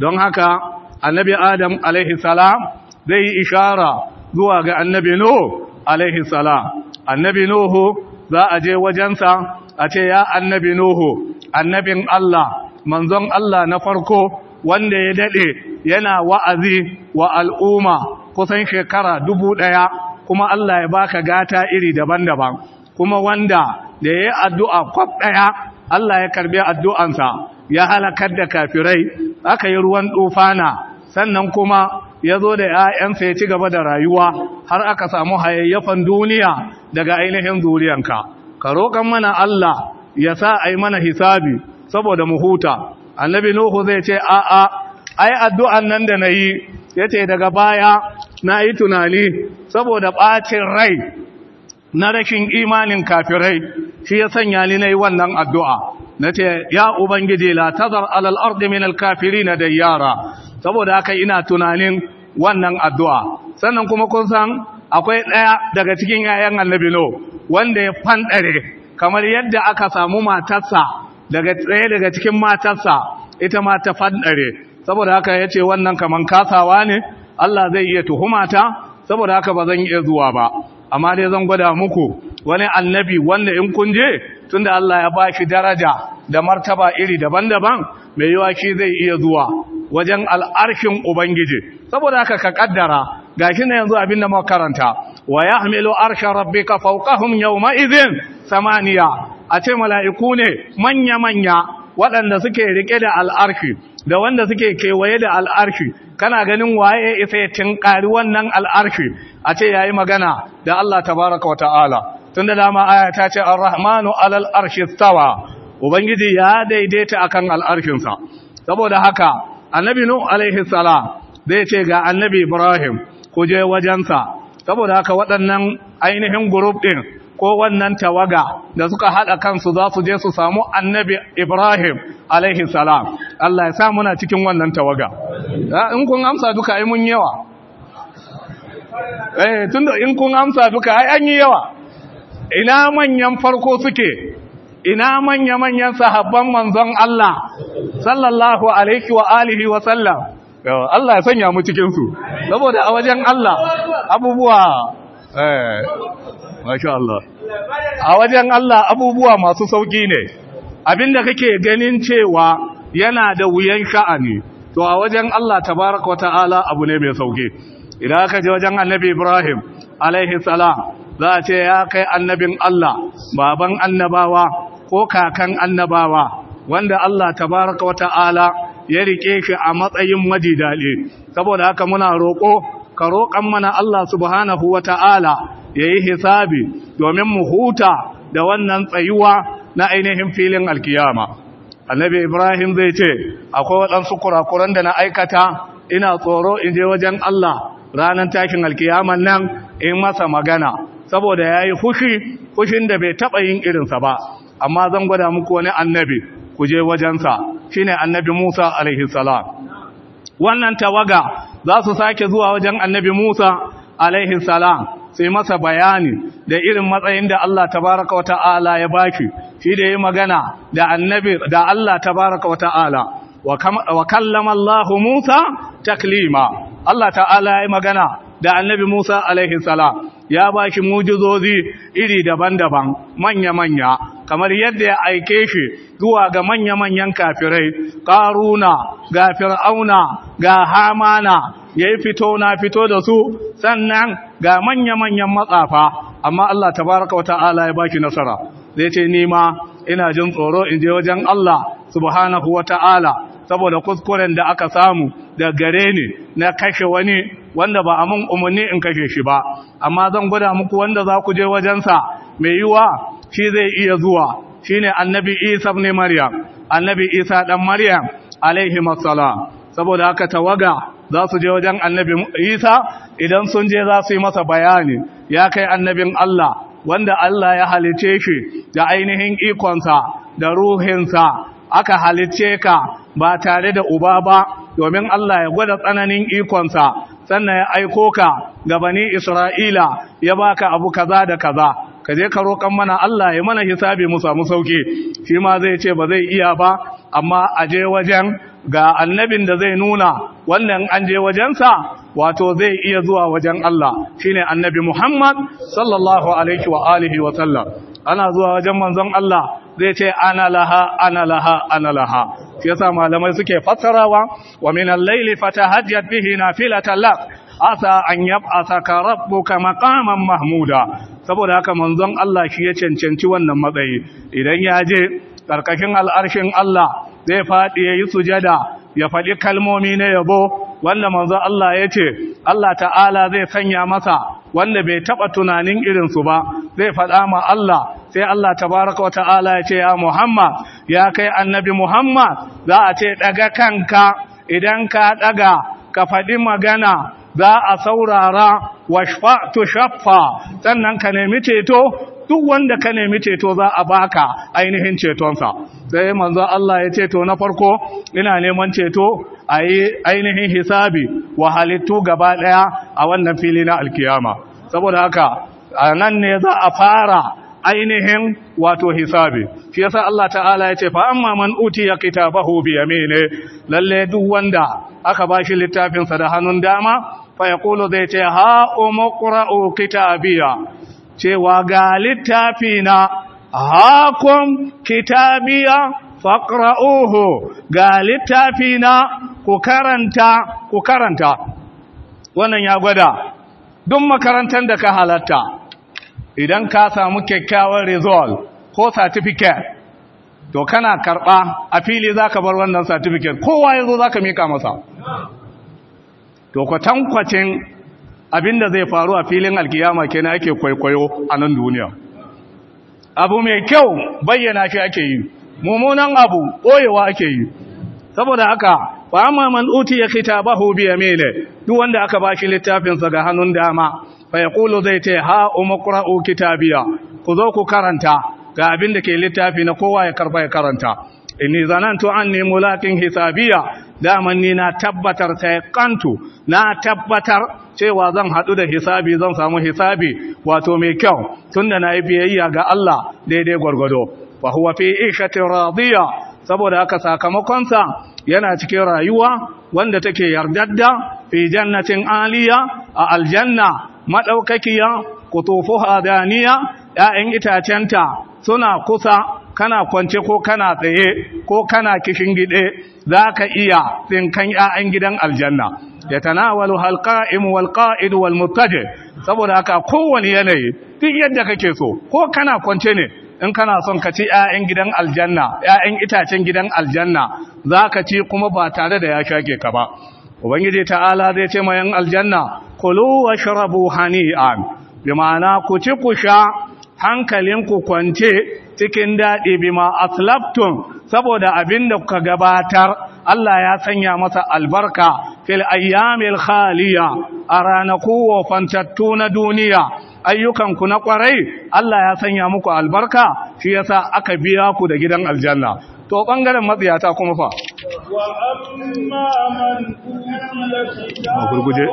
don haka annabi adam alaihi salam zai yi ishara zuwa ga annabi nuhu alaihi salam annabi nuhu za a je wajensa a ce ya annabi nuhu annabin Allah manzon Allah na farko wanda ya daɗe. yana wa'azi wa al'umma kusan shekara dubu ɗaya kuma Allah ya baka gata iri daban-daban kuma wanda da ya yi addu'a kwab ɗaya Allah ya karbi addu'ansa ya halakar da kafirai aka yi ruwan ɗufana sannan kuma ya zo da ‘ya'yansa ya ci gaba da rayuwa har aka samu hayayyafan duniya daga ainihin zuriyanka, ka roƙon mana Allah ya sa a mana hisabi saboda mu huta, annabi Nuhu zai ce, ‘A'a, ai addu'an nan da na yi ya ce daga baya na yi tunani saboda ɓacin rai na rashin imanin kafirai shi ya sanya ni na yi wannan addu'a na ce ya ubangiji la tazar alal ardi min alkafiri na dayyara saboda haka ina tunanin wannan addu'a sannan kuma kun san akwai ɗaya daga cikin ‘ya'yan annabi no wanda ya fanɗare kamar yadda aka samu matarsa daga tsaye daga cikin matarsa ita ma ta fanɗare saboda haka ya ce wannan kaman kasawa ne Allah zai iya tuhumata saboda haka ba zan iya zuwa ba amma dai zan gwada muku wani annabi wanda in kun je tunda Allah ya shi daraja da martaba iri daban-daban mai yiwa shi zai iya zuwa wajen al'arshin ubangiji saboda haka ka kaddara shi na yanzu abin da makaranta wa yahmilu arsha rabbika fawqahum yawma idhin samaniya a ce mala'iku ne manya-manya waɗanda suke riƙe da al'arshi. da wanda suke kewaye da al’arfi, kana ganin waye isa ya tinkari wannan al’arfi a ce yayi magana da Allah tabaraka wata'ala tunda dama aya ta ce ar-rahmanu alal arshi stawa ubangiji ya daidaita akan al'arshinsa saboda haka annabi nuhu alaihi Sala zai ce ga annabi ibrahim ku je wajensa saboda haka waɗannan ainihin group ɗin. ko wannan tawaga da suka haɗa kansu za su je su samu annabi Ibrahim alaihi salam Allah ya sa muna cikin wannan tawaga in kun amsa duka ai mun yawa eh tunda in kun amsa duka ai an yi yawa ina manyan farko suke ina manya manyan sahabban manzon Allah sallallahu alaihi wa alihi wa sallam Allah ya sanya mu cikin su saboda a wajen Allah abubuwa Eh. Masha Allah. A wajen Allah abubuwa masu sauƙi ne, abinda kake ganin cewa yana da wuyan sha'ani, to a wajen Allah tabaraka wata'ala abu ne mai sauƙi. Idan aka je wajen annabi Ibrahim, alaihi salam, za a ce ya kai annabin Allah, baban annabawa ko kakan annabawa, wanda Allah tabaraka wata'ala ya riƙe shi a matsayin majidali Saboda haka muna roƙo ka roƙon mana Allah subhanahu wa ta'ala ya yi hisabi domin mu huta da wannan tsayuwa na ainihin filin alkiyama annabi ibrahim zai ce akwai waɗansu kurakuran da na aikata ina tsoro in je wajen allah ranar takin alkiyaman nan in masa magana saboda ya yi hushi hushin da bai taɓa yin irinsa ba amma zan gwada muku wani annabi ku je wajensa ne annabi musa alaihi salam wannan tawaga za su sake zuwa wajen annabi Musa alaihi salam sai masa bayani da irin matsayin da Allah tabaraka wa ta'ala ya baki shi da yi magana da annabi da Allah tabaraka wa ta'ala wa kallama Allah Musa taklima Allah ta'ala ya yi magana da annabi Musa alaihi salam ya ba shi mujizozi iri daban-daban manya-manya kamar yadda ya aike shi zuwa ga manya-manyan kafirai ƙaruna ga fir'auna ga hamana ya yi fito na fito da su sannan ga manya-manyan matsafa amma Allah Ta tabaraka wa ta'ala ya ba shi nasara zai ce nima ina jin tsoro in je wajen Allah subhanahu wa ta'ala saboda kuskuren da aka samu da gare ni na kashe wani wanda ba a mun umarni in kashe shi ba amma zan gwada muku wanda za ku je wajensa mai yiwuwa shi zai iya zuwa Shi ne annabi isa ne maryam annabi isa ɗan maryam alaihi masala saboda haka tawaga za su je wajen annabi isa idan sun je za su yi masa bayani ya kai annabin allah wanda allah ya halice shi da ainihin ikonsa da ruhinsa aka halicce ka ba tare da uba ba domin Allah ya gwada tsananin ikonsa sannan ya aiko ka ga bani Isra'ila ya baka abu kaza da kaza ka je ka roƙan mana Allah ya mana hisabi mu samu sauki shi ma zai ce ba zai iya ba amma a je wajen ga annabin da zai nuna wannan an je wajensa wato zai iya zuwa wajen Allah shine annabi Muhammad sallallahu alaihi wa alihi wa sallam ana zuwa wajen manzon Allah zai ce ana laha ana laha ana laha shi yasa malamai suke fassarawa wa min al-layli fatahajjat bihi nafilatan lak asa an yab'asaka rabbuka maqaman mahmuda saboda haka manzon Allah shi ya cancanci wannan matsayi idan ya je karkashin al'arshin Allah zai faɗi yayi sujada ya faɗi kalmomi na yabo wanda manzo Allah ya ce Allah ta'ala zai sanya masa wanda bai taɓa tunanin irinsu ba zai faɗa ma Allah sai Allah tabaraka wa ta'ala ya ce ya Muhammad ya kai annabi Muhammad za a ce daga kanka idan ka daga ka faɗi magana za a saurara washfa to shaffa sannan ka nemi ceto duk wanda ka nemi ceto za a baka ainihin cetonsa sai manzo Allah ya ce to na farko ina neman ceto a yi ainihin hisabi wa halittu gaba daya a wannan fili na alkiyama saboda haka a nan ne za a fara ainihin wato hisabi shi yasa Allah ta'ala ya ce fa amma man utiya kitabahu bi yamine lalle duk wanda aka bashi littafin sa da hannun dama fa yaqulu zai ce ha umqra'u kitabiya cewa ga littafina kum kitabiya faqra'uhu ga littafina ku karanta ku karanta wannan ya gwada duk makarantar da ka halatta idan ka samu kyakkyawan result ko certificate to kana karɓa a fili za ka bar wannan certificate kowa ya zo za ka mika masa to kwatankwacin abinda zai faru a filin alkiyama kenan ake kwaikwayo a nan duniya abu mai kyau bayyana shi ake yi mummunan abu ɓoyewa ake yi saboda haka ba amma man uti ya kita bahu ya mele duk wanda aka ba shi littafinsa ga hannun dama fa zai ce ha ta kitabiya ku zo ku karanta ga abin da ke littafi na kowa ya karba ya karanta inni zanantu nemo lafin hisabiya daman ni na tabbatar kantu na tabbatar cewa zan haɗu da hisabi zan samu hisabi wato mai kyau tunda na yi biyayya ga Allah daidai gwargwado fa huwa fi ishatin radiyya saboda haka sakamakonsa yana cikin rayuwa wanda take yardadda fi jannatin aliya a aljanna madaukakiya qutufuha daniya ya'yan itacenta suna kusa kana kwance ko kana tsaye ko kana kishin gide zaka iya tsinkan ya'yan gidan aljanna yatanawalu halqa'im walqa'id walmuttaji saboda haka kowani yanayi duk yadda kake so ko kana kwance ne in kana son ka ci 'ya'yan gidan aljanna 'ya'yan itacen gidan aljanna za ka ci kuma ba tare da ya shage ka ba ubangiji ta'ala zai ce ma yan aljanna kulu washrabu hani'an bi ma'ana ku ci ku sha hankalinku kwance cikin daɗi bima Aslaftun, saboda abin da kuka gabatar Allah ya sanya masa albarka fil ayyamil khaliya a ranaku fantattu na duniya ayyukanku na kwarai Allah ya sanya muku albarka shi yasa aka biya ku da gidan aljanna to bangaren matsiyata kuma fa a gurguje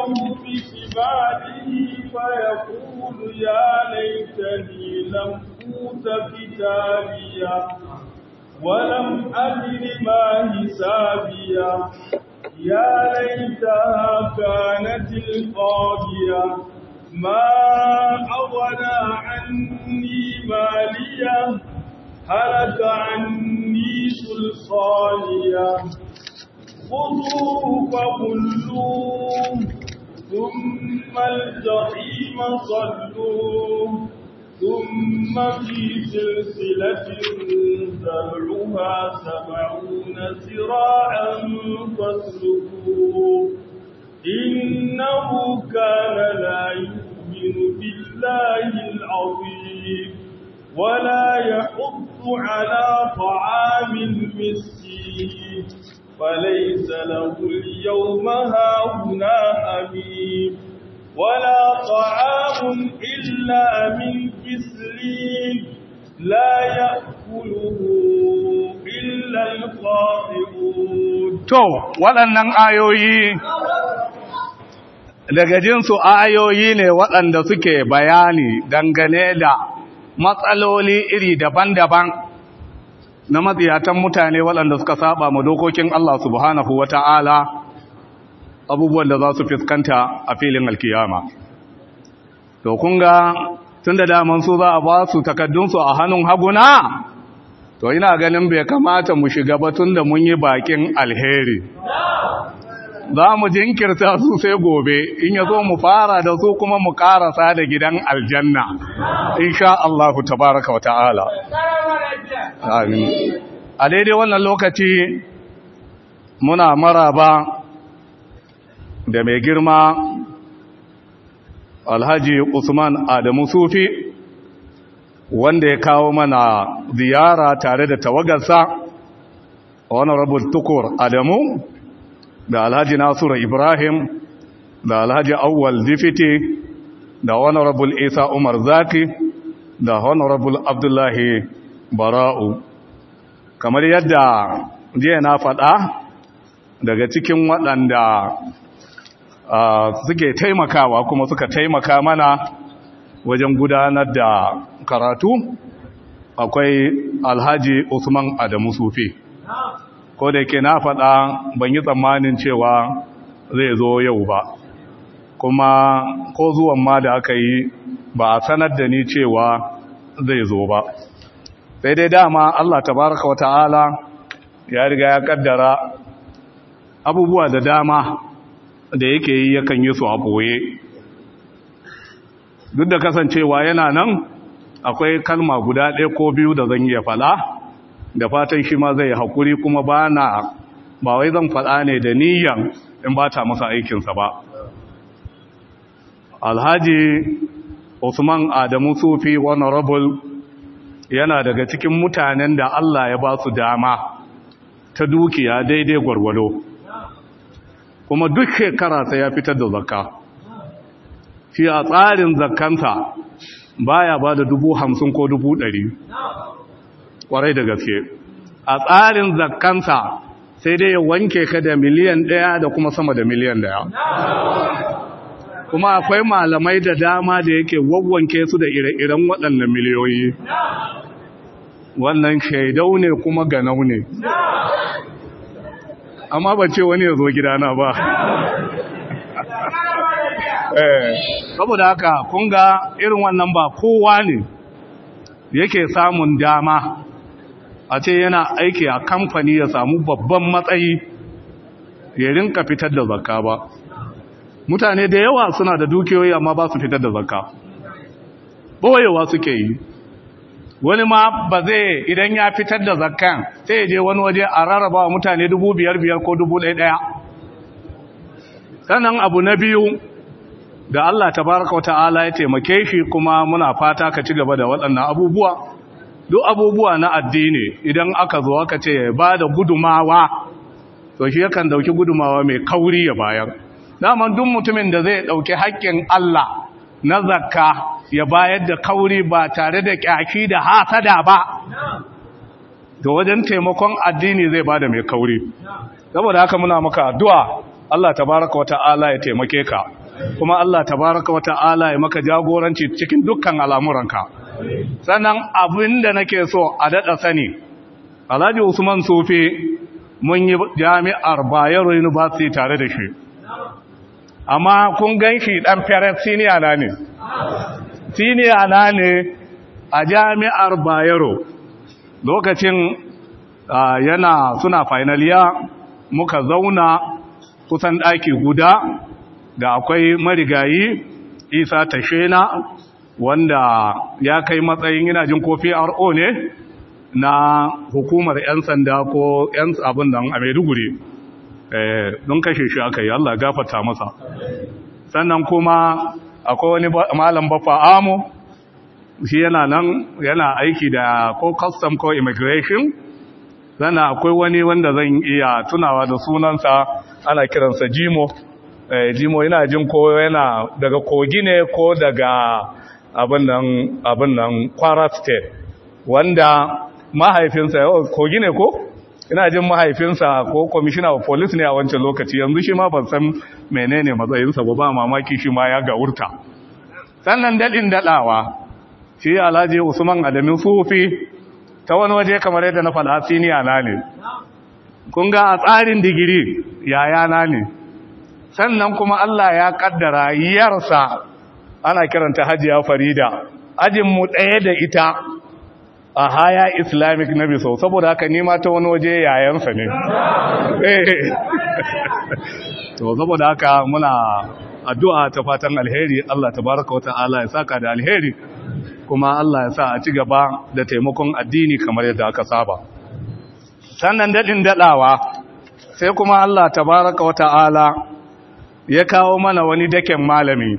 ولم أدر ما حسابيا يا ليتها كانت القاضية ما أغنى عني مالية هلك عني سلطانية خذوه فغلوه ثم الجحيم صلوه ثم في سلسلة زرعها سبعون سراعا فاسلكوه إنه كان لا يؤمن يؤمن بالله العظيم ولا يحض على طعام المسكين فليس له اليوم هاهنا أمين ولا طعام إلا من كسلين لا يأكله إلا الخاطئون تو ولنن آيوي daga jinsu ayoyi ne waɗanda suke bayani dangane da matsaloli iri daban-daban na matsiyatan mutane waɗanda suka saba ma dokokin Allah subhanahu wa ta'ala abubuwan da za su fiskanta a filin alkiyama. To, kunga tun da daman su za a ba su takaddunsu a hannun haguna, to ina ganin bai kamata mu shiga ba tun da mun yi bakin alheri. za mu jinkirta su sai gobe in ya zo mu fara da su kuma mu karasa da gidan aljanna insha Allah tabaraka wa ta'ala amin a daidai wannan lokaci muna maraba da mai girma alhaji usman adamu sufi wanda ya kawo mana ziyara tare da tawagarsa honorable tukur adamu da alhaji nasiru ibrahim da alhaji awwal difiti da honorable isa umar zaki da honorable abdullahi bara'u kamar yadda jiya na faɗa daga cikin waɗanda suke taimakawa kuma suka taimaka mana wajen gudanar da karatu akwai alhaji usman adamu sufi ko da yake na faɗa ban yi tsammanin cewa zai zo yau ba kuma ko zuwan ma da aka yi ba a sanar da ni cewa zai zo ba sai dai dama Allah tabaraka wata'ala ya riga ya kaddara abubuwa da dama da yake yi yakan yi su a boye duk da kasancewa yana nan akwai kalma guda ɗaya ko biyu da zan iya fala da fatan shi ma zai haƙuri kuma ba na ba wai zan faɗa ne da niyan in ba ta masa aikinsa ba alhaji usman adamu sufi honorable yana daga cikin mutanen da allah ya ba su dama ta dukiya daidai gwargwado kuma duk shekara sai ya fitar da zakka shi a tsarin zakkanta baya ba da dubu hamsin ko dubu ɗari kwarai da gaske a tsarin zakkansa sai dai ya wanke ka da miliyan daya da kuma sama da miliyan ɗaya kuma akwai malamai da dama da yake wawwanke su da ire-iren waɗannan miliyoyi wannan shaidau ne kuma ganau ne amma ban ce wani ya zo gidana ba eh, saboda haka kunga irin wannan ba kowa ne yake samun dama a ce yana aiki a kamfani ya samu babban matsayi ya rinka fitar da zakka ba mutane da yawa suna da dukiyoyi amma ba su fitar da zakka boyewa suke yi wani ma ba zai idan ya fitar da zakkan sai ya je wani waje a rarraba wa mutane dubu biyar biyar ko dubu ɗaya ɗaya sannan abu na biyu da Allah wata ala ya taimake shi kuma muna fata ka ci gaba da waɗannan abubuwa duk abubuwa na addini idan aka zo aka ce ya ba da gudumawa to shi yakan dauki gudumawa mai kauri ya bayar daman duk mutumin da zai dauki haƙƙin Allah na zakka ya bayar da kauri ba tare da kyaki da hasada ba to wajen taimakon addini zai bada mai kauri saboda haka muna maka addu'a Allah tabaraka wata'ala ya taimake ka kuma Allah tabaraka wata'ala ya maka jagoranci cikin dukkan al'amuranka sannan abin da nake so a daɗa sani alhaji usman sufi mun yi jami'ar bayero university tare da shi amma kun gan shi ɗan fere siniya na ne siniya na ne a jami'ar bayero lokacin yana suna finaliya muka zauna kusan ɗaki guda Da akwai marigayi isa na wanda ya kai matsayin ina jin ko ro ne na hukumar 'yan sanda ko 'yan abin nan a Maiduguri don eh, kashe shi aka yi Allah gafarta masa sannan kuma akwai wani malam bafa amo shi yana nan yana aiki da ko custom ko immigration zana akwai wani wanda zan iya tunawa da sunansa ana kiransa jimo eh, jimo yana jin ko yana daga kogi ne ko daga abin nan kwara state wanda mahaifinsa oh, kogi ne ko ina jin mahaifinsa ko commissioner of police ne a wancan lokaci yanzu shi ma ban san menene matsayinsa ba ba mamaki shi ma ya gawurta sannan dalin dalawa shi alhaji usman adamin sufi ta wani waje kamar yadda na faɗa siniya na ne kun ga a tsarin digiri yaya na ne sannan kuma Allah ya kaddara yarsa ana kiranta hajiya farida mu ɗaya da ita a haya islamic na biso saboda haka nima ta wani waje yayansa ne eh. to saboda haka muna addu'a ta fatan alheri Allah tabaraka wa ta'ala ya saka da alheri kuma Allah ya sa a ci gaba da taimakon addini kamar yadda aka saba sannan daɗin daɗawa sai kuma Allah tabaraka wa ta'ala ya kawo mana wani daken malami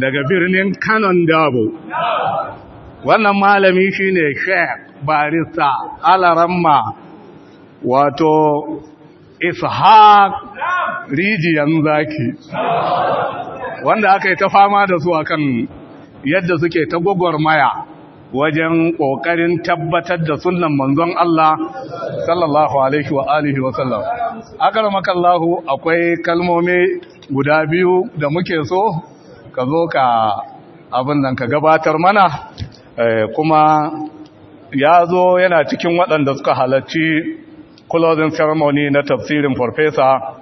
daga birnin kanon dabo wannan malami shi ne Sheik barista alaramma wato ishaq rijiyan zaki wanda aka yi ta fama da su akan yadda suke ta maya wajen ƙoƙarin tabbatar da sunan manzon Allah sallallahu alaihi wa alihi wa sallam Makallahu akwai kalmomi guda biyu da muke so ka zo ka abin nan ka gabatar mana eh, kuma ya zo yana cikin waɗanda suka halarci closing ceremony na tafsirin farfesa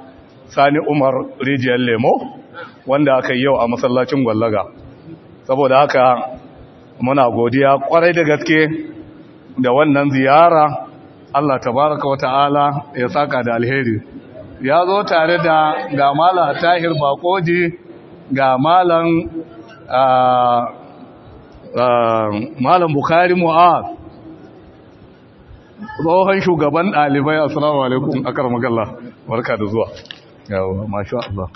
sani umar rijiyar lemo wanda aka yi yau a masallacin gwallaga saboda haka muna godiya kwarai da gaske da wannan ziyara Allah tabaraka wa ta'ala ya saka da alheri ya zo tare da ga malam tahir bakoji ga malam malam bukari mu'az tsohon shugaban ɗalibai assalamu alaikum akar magalla barka da zuwa yawon masha Allah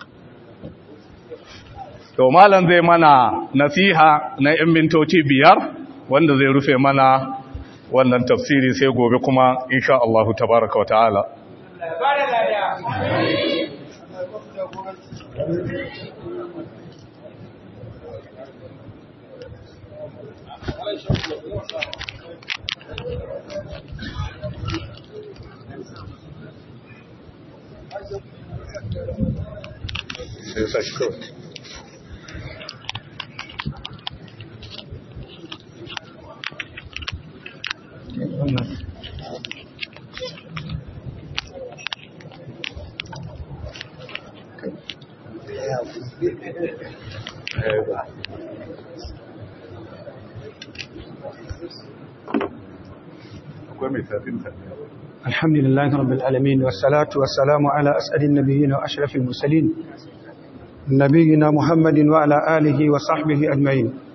to malam zai mana nasiha na 'yan mintoci biyar wanda zai rufe mana wannan tafsiri sai gobe kuma insha Allah tabaraka wa ta'ala Thank you. الحمد لله رب العالمين والصلاة والسلام على أسأل النبيين وأشرف المرسلين نبينا محمد وعلى آله وصحبه أجمعين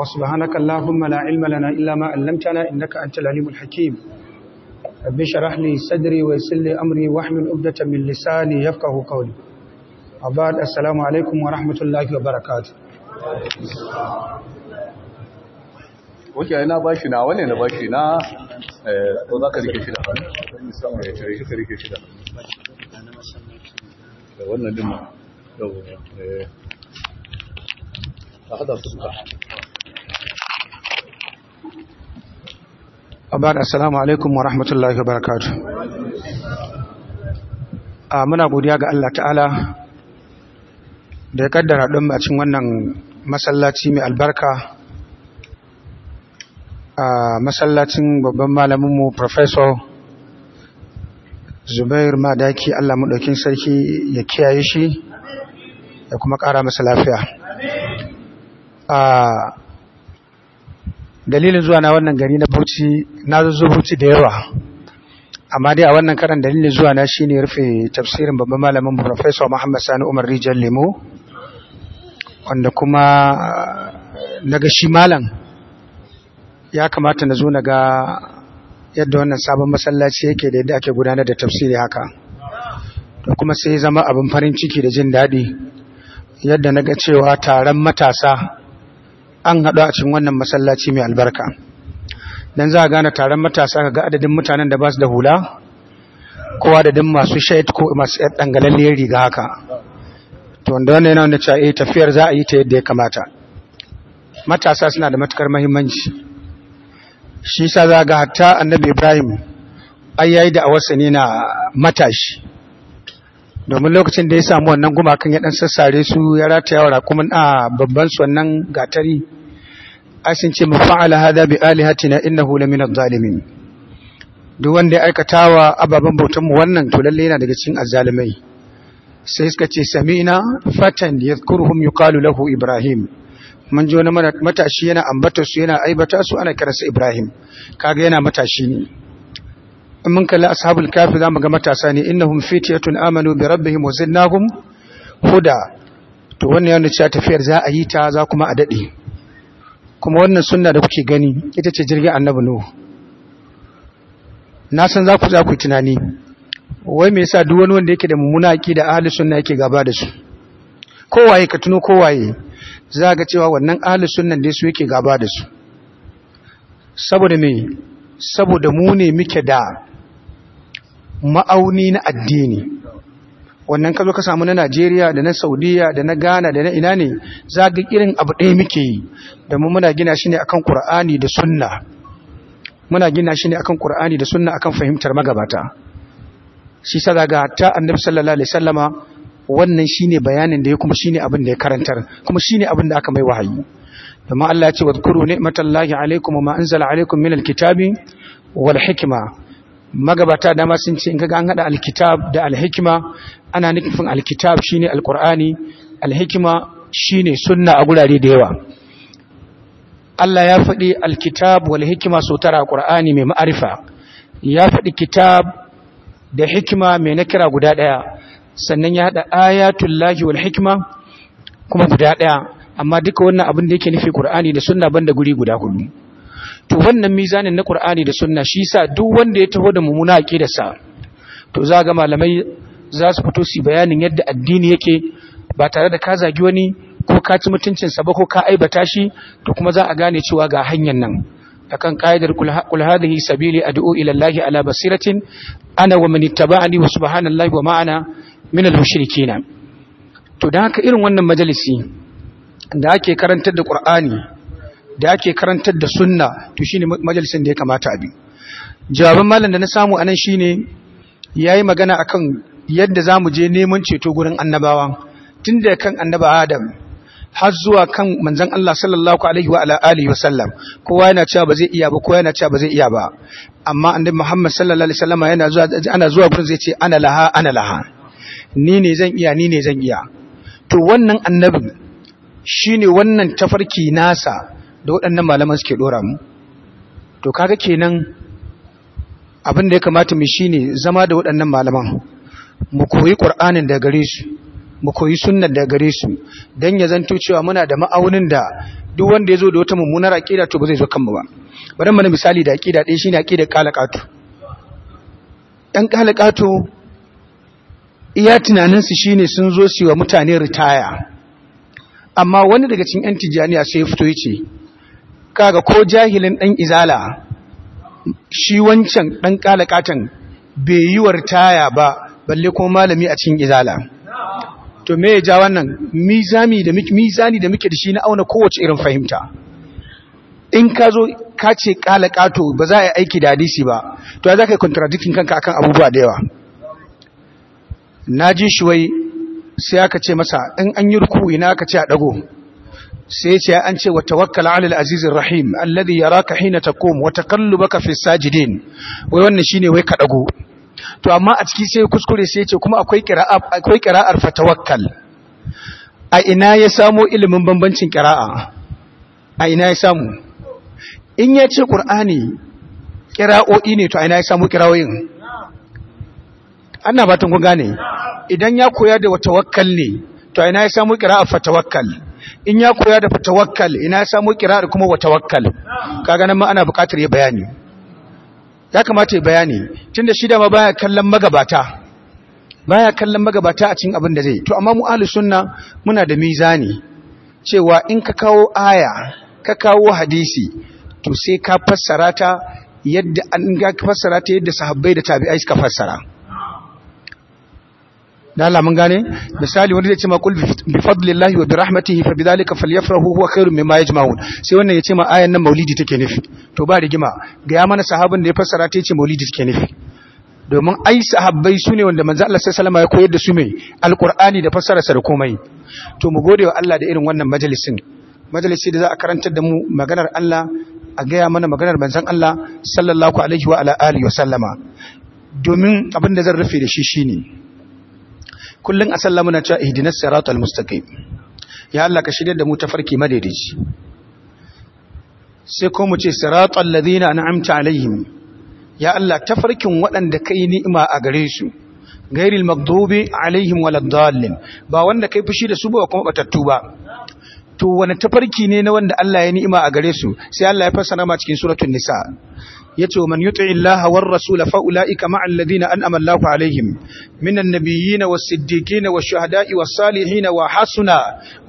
وسبحانك اللهم لا علم لنا إلا ما علمتنا إنك أنت العليم الحكيم رب اشرح لي صدري ويسر لي أمري واحمل عقدة من لساني يفقه قولي وبعد السلام عليكم ورحمة الله وبركاته Oke, na ba shi na wane na ba shi na eh, za zaka rike shi shida ba? Ka rike shi Da wannan dimma. Da eh, ta hada su suka. abad assalamu alaikum wa rahmatullahi wa barakatu a ah, muna godiya ga Allah ta'ala da ya kaddara don cin wannan masallaci mai albarka a ah, masallacin babban malaminmu professor zubair madaki Allah maɗaukin sarki ya kiyaye shi ya kuma ƙara masa lafiya ah, dalilin zuwa na wannan gari na Bauchi na zo Bauchi da yawa amma dai a wannan karan dalilin zuwa na shine rufe tafsirin babban malamin Professor Muhammad Sani Umar Rijal Lemo wanda kuma naga shi malam ya kamata na zo na ga yadda wannan sabon masallaci yake da yadda ake gudanar da tafsiri haka da kuma sai zama abin farin ciki da jin daɗi yadda na ga cewa taron matasa an haɗu a cikin wannan masallaci mai albarka dan za a gane taron matasa ga adadin mutanen da ba su da hula ko adadin masu shaid ko masu ɗangalalliyar riga haka to wanda wannan yana wanda cewa eh, tafiyar za a yi ta yadda ya kamata matasa suna da matukar mahimmanci shi sa za ga hatta annabi Ibrahim ai yayi da awasa ne na matashi domin lokacin da ya samu wannan gumakan ya dan sassare su ya rataya wa raƙumin a babban su wannan gatari sun ce mafa'ala hada bi alihatina na lamina zalimin duk wanda ya aikata wa ababen bautan mu wannan to lalle yana daga cikin azzalimai sai suka ce sami'na fatan yadhkuruhum yuqalu lahu ibrahim mun ji wani matashi yana ambata su yana aibata su ana kiransa ibrahim kaga yana matashi ne mun kalli ashabul kafi mu ga matasa ne innahum fitiyatun amanu bi rabbihim wa zidnahum huda to wannan yana cewa tafiyar za a yi ta za kuma a dade kuma wannan sunna da kuke gani ita ce jirgin annabi nuhu na san za ku za ku tunani wai me yasa duk wani wanda yake da mummuna aqida ahli sunna yake gaba da su kowaye ka tuno kowaye za ga cewa wannan ahli sunna ne su yake gaba da su saboda me saboda mu ne muke da ma'auni na addini wannan ka zo ka samu na Najeriya da na Saudiya da na Ghana da na ina ne za ga irin abu ɗaya muke yi da mu muna gina shi ne akan ƙura'ani da Sunna muna gina shi ne akan ƙura'ani da Sunna akan fahimtar magabata shi sa daga ta Annabi sallallahu alaihi sallama wannan shi ne bayanin da ya kuma shi ne abin da ya karantar kuma shi ne abin da aka mai wahayi domin Allah ya ce wadkuru ni'matallahi alaikum wa ma anzala alaikum minal kitabi wal magabata dama sun ce in kaga an hada alkitab da alhikima ana nufin alkitab shine alqur'ani alhikima shine sunna a gurare da yawa Allah ya faɗi alkitab wal hikma sau tara qur'ani mai ma'arifa ya faɗi kitab da hikima mai nakira guda ɗaya sannan ya hada ayatul lahi wal hikma kuma guda ɗaya amma duka wannan abin da yake nufi qur'ani da sunna banda guri guda kullum to wannan mizanin na Qur'ani da Sunna shi sa duk wanda ya taho da mummuna sa to za ga malamai za su fito su bayanin yadda addini yake ba tare da ka zagi wani ko ka ci mutuncinsa ba ko ka aibata shi to kuma za a gane cewa ga hanyar nan akan ka'idar kul hadhihi sabili ad'u ila Allahi ala basiratin ana wa man ittaba'ani wa subhanallahi wa ma'ana min al-mushrikeena to dan haka irin wannan majalisi da ake karantar da Qur'ani da ake karantar da sunna to shine majalisin da ya kamata abi jawaban malam da na samu anan shine yayi magana akan yadda zamu je neman ceto gurin annabawa tunda kan annaba Adam har zuwa kan manzon Allah sallallahu alaihi wa alihi wasallam kowa yana cewa ba zai iya ba kowa yana cewa ba zai iya ba amma annabi Muhammad sallallahu alaihi wasallam yana zuwa ana zuwa gurin zai ce ana laha ana laha ni ne zan iya ni ne zan iya to wannan annabin shine wannan tafarki nasa da waɗannan malaman suke ɗora mu to kaga kenan abin da ya kamata mu shine zama da waɗannan malaman mu koyi ƙur'anin da gare su mu koyi sunan da gare su don ya zanto cewa muna da ma'aunin da duk wanda ya zo da wata mummunar aƙida to ba zai zo kanmu ba bari mana misali da aqida ɗaya shine aƙida qalaqatu ɗan qalaqatu iya tunaninsu shine sun zo su yi wa mutane ritaya amma wani daga cikin 'yan tijjaniya sai ya fito ya ce Ka ga ko jahilin ɗan izala shi wancan ɗan ƙalaƙatan bai yi wartaya ba balle ko malami a cikin izala to me ya ja wannan mizani da muke da shi na auna kowace irin fahimta in ka zo ka ce ƙalaƙato ba za a yi aiki da hadisi ba to za ka yi contradicting kanka akan abubuwa da yawa na ji shi wai sai aka ce masa in an yi ruku ina aka ce a ɗago sai ce an ce wa tawakkala alal azizir rahim alladhi yaraka hina taqum wa taqallubaka fi sajidin wai wannan shine wai ka dago to amma a ciki sai kuskure sai ce kuma akwai qira'a akwai qira'ar tawakkal a ina ya samo ilimin bambancin qira'a a ina ya samu in ya ce qur'ani qira'o'i ne to a ina ya samu qira'oyin ana batun kun gane idan ya koya da tawakkal ne to a ina ya samu fa tawakkal in ya koya da tawakkal ina ya samu kirar kuma wa tawakkal kaga nan ma ana buƙatar ya bayani ya kamata ya bayani tunda shi da ma baya kallon magabata baya kallon magabata a cikin abin da zai to amma mu ahli sunna muna da mizani cewa in ka kawo aya ka kawo hadisi to sai ka fassara ta yadda an ga fassara ta yadda sahabbai da tabi'ai suka fassara da Allah mun gane misali wanda zai ce ma kul bi fadlillahi wa bi rahmatihi fa bidhalika falyafrahu huwa khairun mimma yajma'un sai wannan ya ce ma ayan nan maulidi take nufi to ba rigima ga ya mana sahabin da ya fassara ta yace maulidi take nufi domin ai sahabbai su ne wanda manzo Allah sallallahu ya koyar da su mai alqur'ani da sa da komai to mu gode wa Allah da irin wannan majalisin majalisi da za a karantar da mu maganar Allah a gaya mana maganar manzon Allah sallallahu alaihi wa ala alihi wa sallama domin abin da zan rufe da shi shine Kullum a sallah na cewa ihdinas siratal mustaqim ya Allah ka shirye da mu tafarki madaidaici sai ko mu ce siratal ladina an'amta alaihim ya Allah tafarkin waɗanda kai ni'ima a gare su gairil maghdubi alaihim waladdallin ba wanda kai fushi da su ba kuma batattu ba to wani tafarki ne na wanda Allah ya ni'ima a gare su sai Allah ya fassara ma cikin suratul nisa yace man yuti illaha war rasul fa ulaika ma'al ladina an'ama Allahu alaihim minan nabiyyin was siddiqin wash shuhada'i was salihin wa hasuna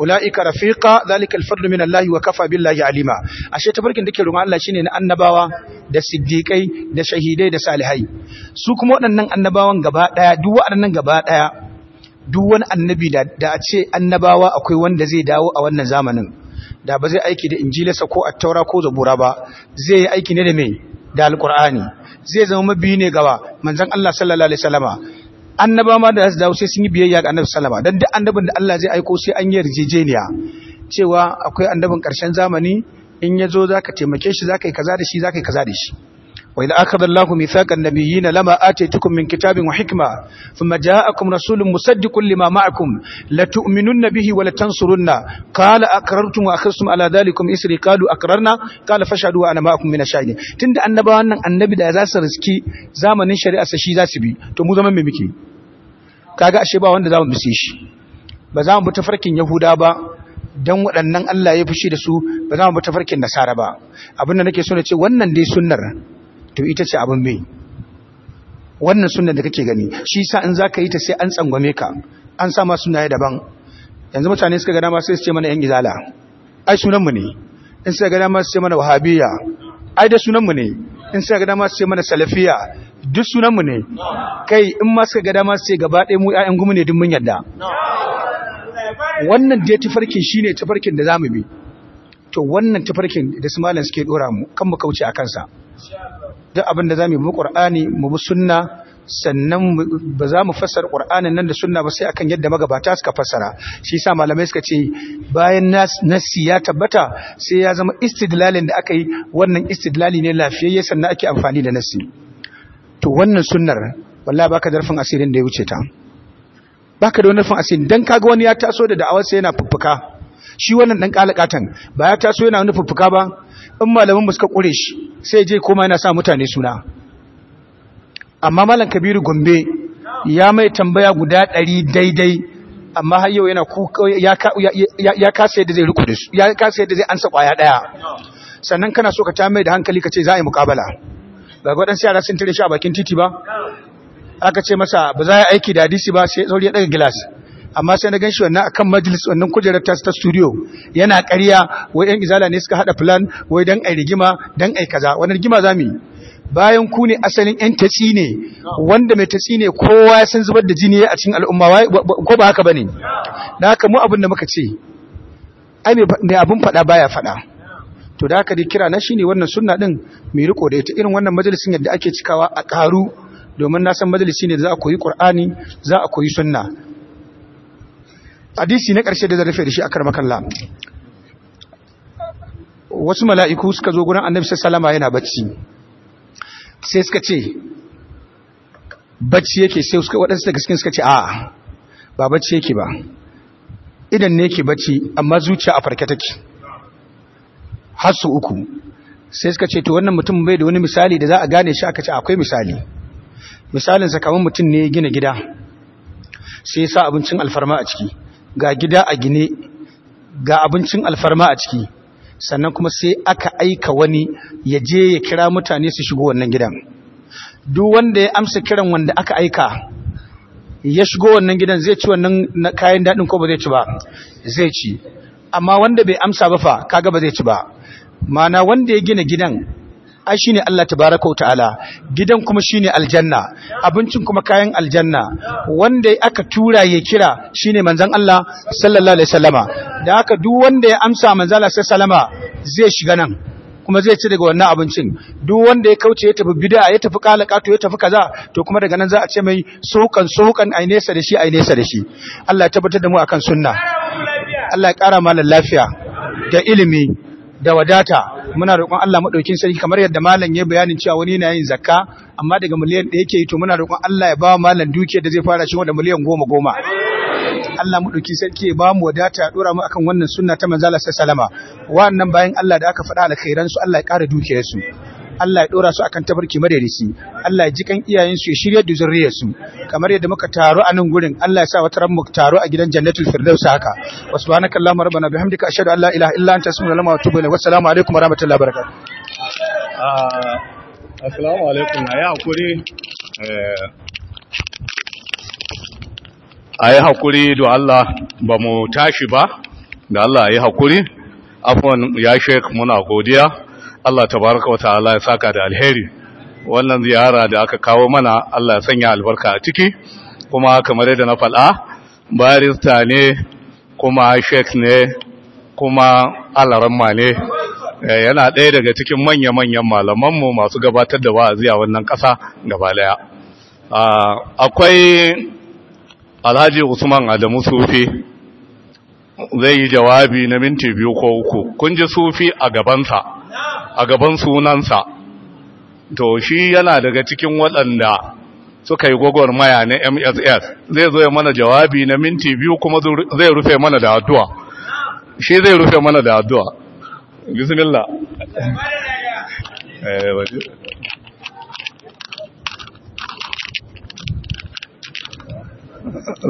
ulaika rafiqa dhalika al fadlu min Allah wa kafa billahi alima ashe tabarkin dake ruwan Allah shine na annabawa da siddiqai da shahidai da salihai su kuma waɗannan annabawan gaba daya duk waɗannan gaba daya duk wani annabi da a ce annabawa akwai wanda zai dawo a wannan zamanin da ba zai aiki da injilasa ko attaura ko zabura ba zai yi aiki ne da mai da alkur'ani zai zama mabi ne gaba manzan Allah sallallahu alaihi Salama annaba ma da su sai sun yi biyayya ga annabi sallama dan duk annabin da Allah zai aiko sai an yi yarjejeniya cewa akwai annabin karshen zamani in ya zo za ka taimake shi za ka yi kaza da shi za yi kaza da shi وإذا أخذ الله ميثاق النبيين لما آتيتكم من كتاب وحكمة ثم جاءكم رسول مصدق لما معكم لتؤمنن به ولتنصرن قال أقررتم وأخذتم على ذلكم إسري قالوا أقررنا قال فاشهدوا أنا معكم من الشاهدين تند أنبا أن النبي دا زاس رزكي زمن شريعة سشي زاسبي تمو زمن ممكي kaga ashe ba wanda zamu bise shi ba za mu bi tafarkin yahuda ba don waɗannan Allah ya fushi da su ba za mu bi tafarkin nasara ba abin da nake so na ce wannan dai sunnar to ita ce abin bi wannan sunna da kake gani shi sa in zaka yi ta sai an tsangwame ka an sa ma sunaye daban yanzu mutane suka ga dama sai su ce mana yan gizala ai sunan mu ne in suka ga dama su ce mana wahabiyya ai da sunan mu ne in suka ga dama su ce mana salafiyya duk sunan mu ne kai in ma suka ga dama su ce gaba ɗaya mu ƴaƴan gumu ne duk mun yadda. wannan da dai tafarkin shine tafarkin da zamu bi to wannan tafarkin da su malam suke dora mu kan mu kauce a kansa duk abin da za mu yi mu Qur'ani mu bi sunna sannan ba za mu fassara Qur'anin nan da sunna ba sai akan yadda magabata suka fassara shi yasa malamai suka ce bayan nasi ya tabbata sai ya zama istidlalin da aka yi wannan istidlali ne lafiyayye sannan ake amfani da nasi to wannan sunnar wallahi baka zarfin asirin da ya wuce ta baka da wani asirin dan kaga wani ya taso da da'awar sai yana fuffuka shi wannan dan kalakatan ba ya taso yana wani fuffuka ba in malamin ba suka kure shi sai je koma yana sa mutane suna amma malam kabiru gombe ya mai tambaya guda ɗari daidai amma har yau yana kuka ya kasa yadda zai riko su ya kasa yadda zai ansa kwaya ɗaya sannan kana so ka ta mai da hankali ka ce za a yi mukabala ba ga waɗansu yara sun tare shi a bakin titi ba aka ce masa ba za a yi aiki da hadisi ba sai sauri ya ɗaga gilas amma sai na gan shi wannan akan majalis wannan kujerar ta ta studio yana ƙarya wai 'yan izala ne suka haɗa plan wai dan ai rigima dan ai kaza wannan rigima za yi bayan ku ne asalin yan tatsi ne wanda mai tatsi ne kowa ya san zubar da jini a cikin al'umma ko ba haka bane da haka mu abin da muka ce ai mai abin faɗa baya faɗa to da haka dai kira na shine wannan sunna din mai riko da ita irin wannan majalisin yadda ake cikawa a karu domin na san majalisi ne da za a koyi qur'ani za a koyi sunna hadisi na ƙarshe da zai rufe da shi akar kalla. wasu mala'iku suka zo gurin annabi Salama yana bacci sai suka ce bacci yake sai suka waɗansu daga cikin suka ce a ba bacci yake ba idan ne yake bacci amma zuciya a farke take hasu uku sai suka ce to wannan mutum bai da wani misali da za a gane shi aka ce akwai misali misalin kamar mutum ne gina gida sai ya sa abincin alfarma a ciki ga gida a gine ga abincin alfarma a ciki sannan kuma sai aka aika wani ya je ya kira mutane su shigo wannan gidan duk wanda ya amsa kiran wanda aka aika ya shigo wannan gidan zai ci wannan kayan daɗin ko ba zai ci ba zai ci amma wanda bai amsa ba fa kaga ba zai ci ba mana wanda ya gina gidan ai shine Allah tabaraka wa ta'ala gidan kuma shine aljanna abincin kuma kayan aljanna wanda aka tura ya kira shine manzan Allah sallallahu alaihi wasallama da haka duk wanda ya amsa manzon Allah sallallahu alaihi zai shiga nan kuma zai ci daga wannan abincin duk wanda ya kauce ya tafi bid'a ya tafi kalaka to ya tafi kaza to kuma daga nan za a ce mai sokan sokan ai nesa da shi ai nesa da shi Allah ya tabbatar da mu akan sunna Allah ya kara mana lafiya da ilimi da wadata muna roƙon Allah maɗaukin sarki kamar yadda malam ya bayanin cewa wani na yin zakka amma daga miliyan da yake yi to muna roƙon Allah ya ba malam dukiyar da zai fara shi da miliyan goma goma Allah mu sarki ya mu wadata ya ɗora mu akan wannan sunna ta manzala sallama wannan bayan Allah da aka faɗa alkhairan su Allah ya ƙara dukiyar su Allah ya dora su akan tabarki madarisi Allah ya ji kan iyayen su ya shirya da zuriyar su kamar yadda muka taro a nan gurin Allah ya sa wata ran mu taro a gidan jannatul firdaus haka wa subhanaka allahumma rabbana bihamdika ashhadu an la ilaha illa anta astaghfiruka wa atubu ilaik assalamu alaikum wa rahmatullahi wa barakatuh ah, assalamu alaikum ya hakuri eh ayi haƙuri do Allah ba mu tashi ba da Allah ya yi haƙuri afon ya shek muna godiya Allah tabaraka wata'ala ya saka da alheri wannan ziyara da aka kawo mana Allah ya sanya albarka a ciki kuma kamar yadda na fal'a barista ne kuma sheik ne kuma alaramma ne eh, yana ɗaya daga cikin manya-manyan malamanmu masu gabatar da wa'azi a wannan ƙasa gaba daya ah, akwai alhaji usman adamu sufi zai yi jawabi na minti biyu ko uku kun ji sufi a gabansa a gaban sunansa to shi yana daga cikin waɗanda suka yi gwagwarmaya na mss zai zo ya mana jawabi na minti biyu kuma zai rufe mana da addu'a shi zai rufe mana da addu'a bismillah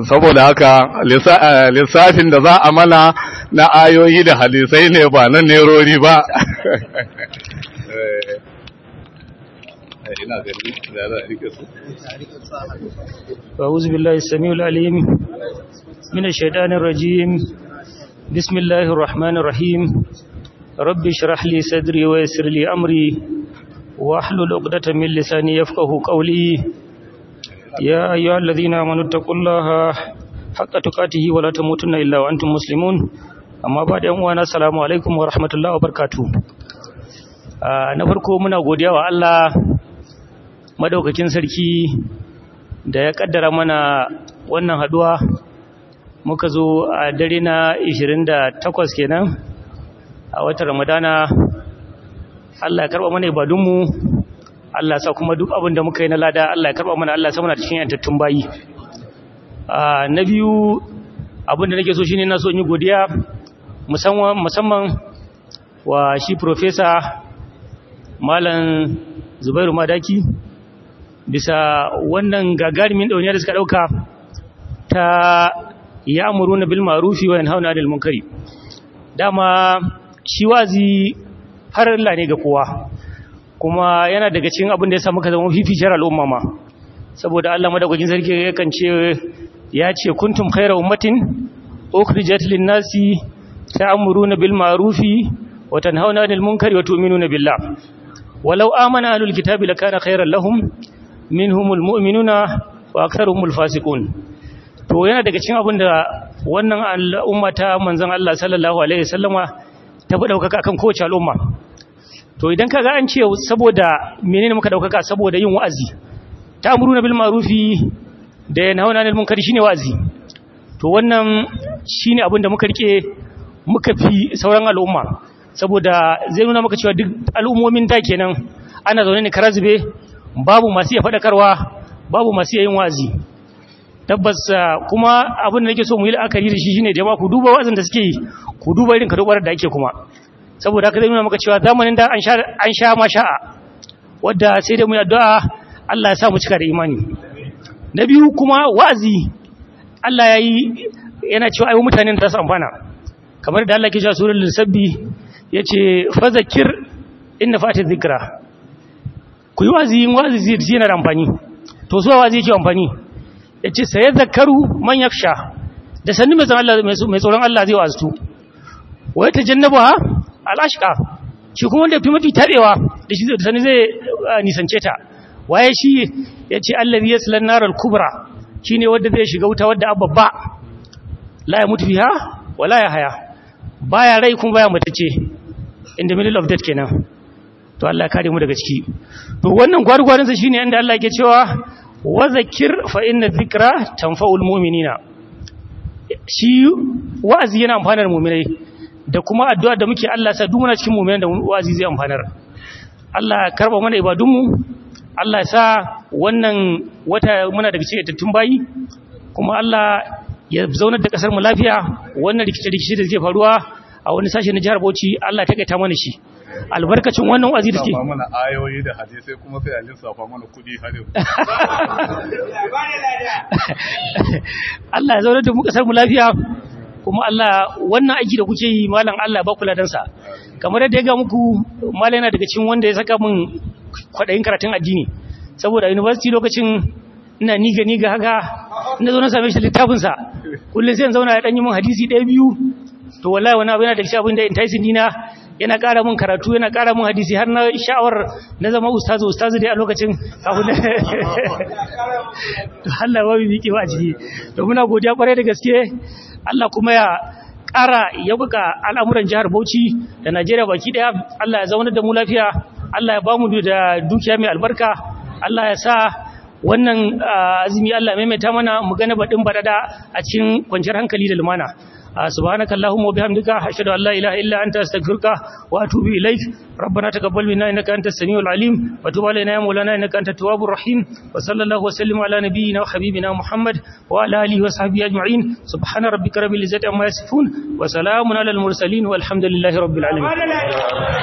saboda haka eh, lissafin da za a mana na ayoyi da halisai ne ba na nerori ba ra'uzi billahi samiul alim min shaidanin rajim bismillahir rahmanir rahim rabbi shrah li sadri wa yassir li amri wa ahlul 'uqdatam min lisani yafqahu qawli يا أيها الذين آمنوا اتقوا الله حق تقاته ولا تموتن إلا وأنتم مسلمون أما بعد أموانا السلام عليكم ورحمة الله وبركاته na farko muna godiya wa Allah madaukakin sarki da ya ƙaddara mana wannan haduwa muka zo a dare na 28 kenan a watan Ramadana Allah ya karba mana ibadunmu Allah sa kuma duk abin da muka yi na lada Allah ya karba mana Allah sa muna cikin yantattun bayi na biyu abin da nake so shine na so in yi godiya musamman wa shi professor malam Zubairu Madaki bisa wannan gagarumin dauniya da suka dauka ta ya'muruna bil ma'rufi wa yanhauna 'anil munkari dama shi wazi har Allah ne ga kowa kuma yana daga cikin abin da ya sa muka zama fificiyar al'umma ma saboda Allah madaukakin sarki yakan ce ya ce kuntum khayra ummatin ukhrijat lin-nasi ta'muruna bil ma'rufi wa tanhauna 'anil munkari wa tu'minuna billah walau amana ahlul kitabi lakana khayran lahum minhumul mu'minuna wa aktharuhumul fasiqun to yana daga cikin abin da wannan al'umma ta manzon Allah sallallahu alaihi wasallama ta bi daukaka akan kowace al'umma to idan kaga an ce saboda menene muka daukaka saboda yin wa'azi ta na bil ma'rufi da yanhauna 'anil munkari shine wa'azi to wannan shine abin da muka rike muka fi sauran al'umma saboda zai nuna maka cewa duk al'ummomin da kenan ana zaune ne karazube babu masu iya fadakarwa babu masu yin wa'azi tabbas ah, kuma abin da nake so mu yi la'akari da shi shine jama'a ku duba wa'azin da suke yi ku duba irin kadobar da ake kuma saboda haka zai nuna maka cewa zamanin da an sha ma sha'a. masha'a wadda sai da mu addu'a Allah ya sa mu cika da imani na biyu kuma wa'azi Allah ya yi yana cewa ayi mutanen da su amfana kamar da Allah ke cewa surul ya ce fazakir inda fatin zikira ku yi wa'azi yin wa'azi zai zina da amfani to zuwa wa'azi yake amfani ya ce sai zakaru man sha. da sannu mai tsoron Allah zai wazitu wai ta jannabu ha al’ashika shi kuma wanda fi mafi taɓewa, da shi zai sani zai eh, nisance ta waye shi ya ce yace allazi yaslan naral kubra ne wanda zai shiga wuta wadda abba la ya mutu ha wa ya haya Ba ya rai kuma ya matace in the middle of death kenan to Allah ya kare mu daga ciki to wannan gwargwarin sa shine inda Allah yake cewa wa zakir fa inna dhikra tanfa'ul mu'minina shi wa'azi yana amfanar mu'minai da kuma addu'a da muke Allah sa duk muna cikin mu'minan da wazi zai amfanar Allah karba mana ibadunmu Allah sa wannan wata muna daga cikin tattun bayi kuma Allah ya zaunar da kasar mu lafiya wannan rikice-rikice da zai faruwa a wani sashe na jihar Bauchi Allah ta kaita mana shi albarkacin wannan wazi da ke. ba mana ayoyi da hadisi kuma sai alin safa mana kudi har Allah ya zaunar da mu kasar mu lafiya kuma Allah wannan aiki da kuke yi mallan Allah ba kula dansa kamar yadda ya ga muku malam yana daga cikin wanda ya saka min kwadayin karatun addini saboda university lokacin ina niga niga haka ina zo na same shi littafin sa kullun sai in zauna ya danyi min hadisi ɗaya biyu to wallahi wani abu yana da shafin da enticing dina yana ƙara mun karatu yana ƙara mun hadisi har na sha'awar na zama ustazu ustazu dai a lokacin kafin to Allah ba mu miƙe wa jiki to muna godiya kwarai da gaske Allah kuma ya ƙara ya buga al'amuran jihar Bauchi da Najeriya baki ɗaya Allah ya zaune da mu lafiya Allah ya ba mu da dukiya mai albarka Allah ya sa wannan ah, azumi Allah maimaita mana mu gane baɗin baɗaɗa a cikin kwanciyar hankali da lumana سبحانك اللهم وبحمدك أشهد أن لا إله إلا أنت أستغفرك وأتوب إليك ربنا تقبل منا إنك أنت السميع العليم وتب علينا يا مولانا إنك أنت التواب الرحيم وصلى الله وسلم على نبينا وحبيبنا محمد وعلى آله وصحبه أجمعين سبحان ربك رب العزة عما يصفون وسلام على المرسلين والحمد لله رب العالمين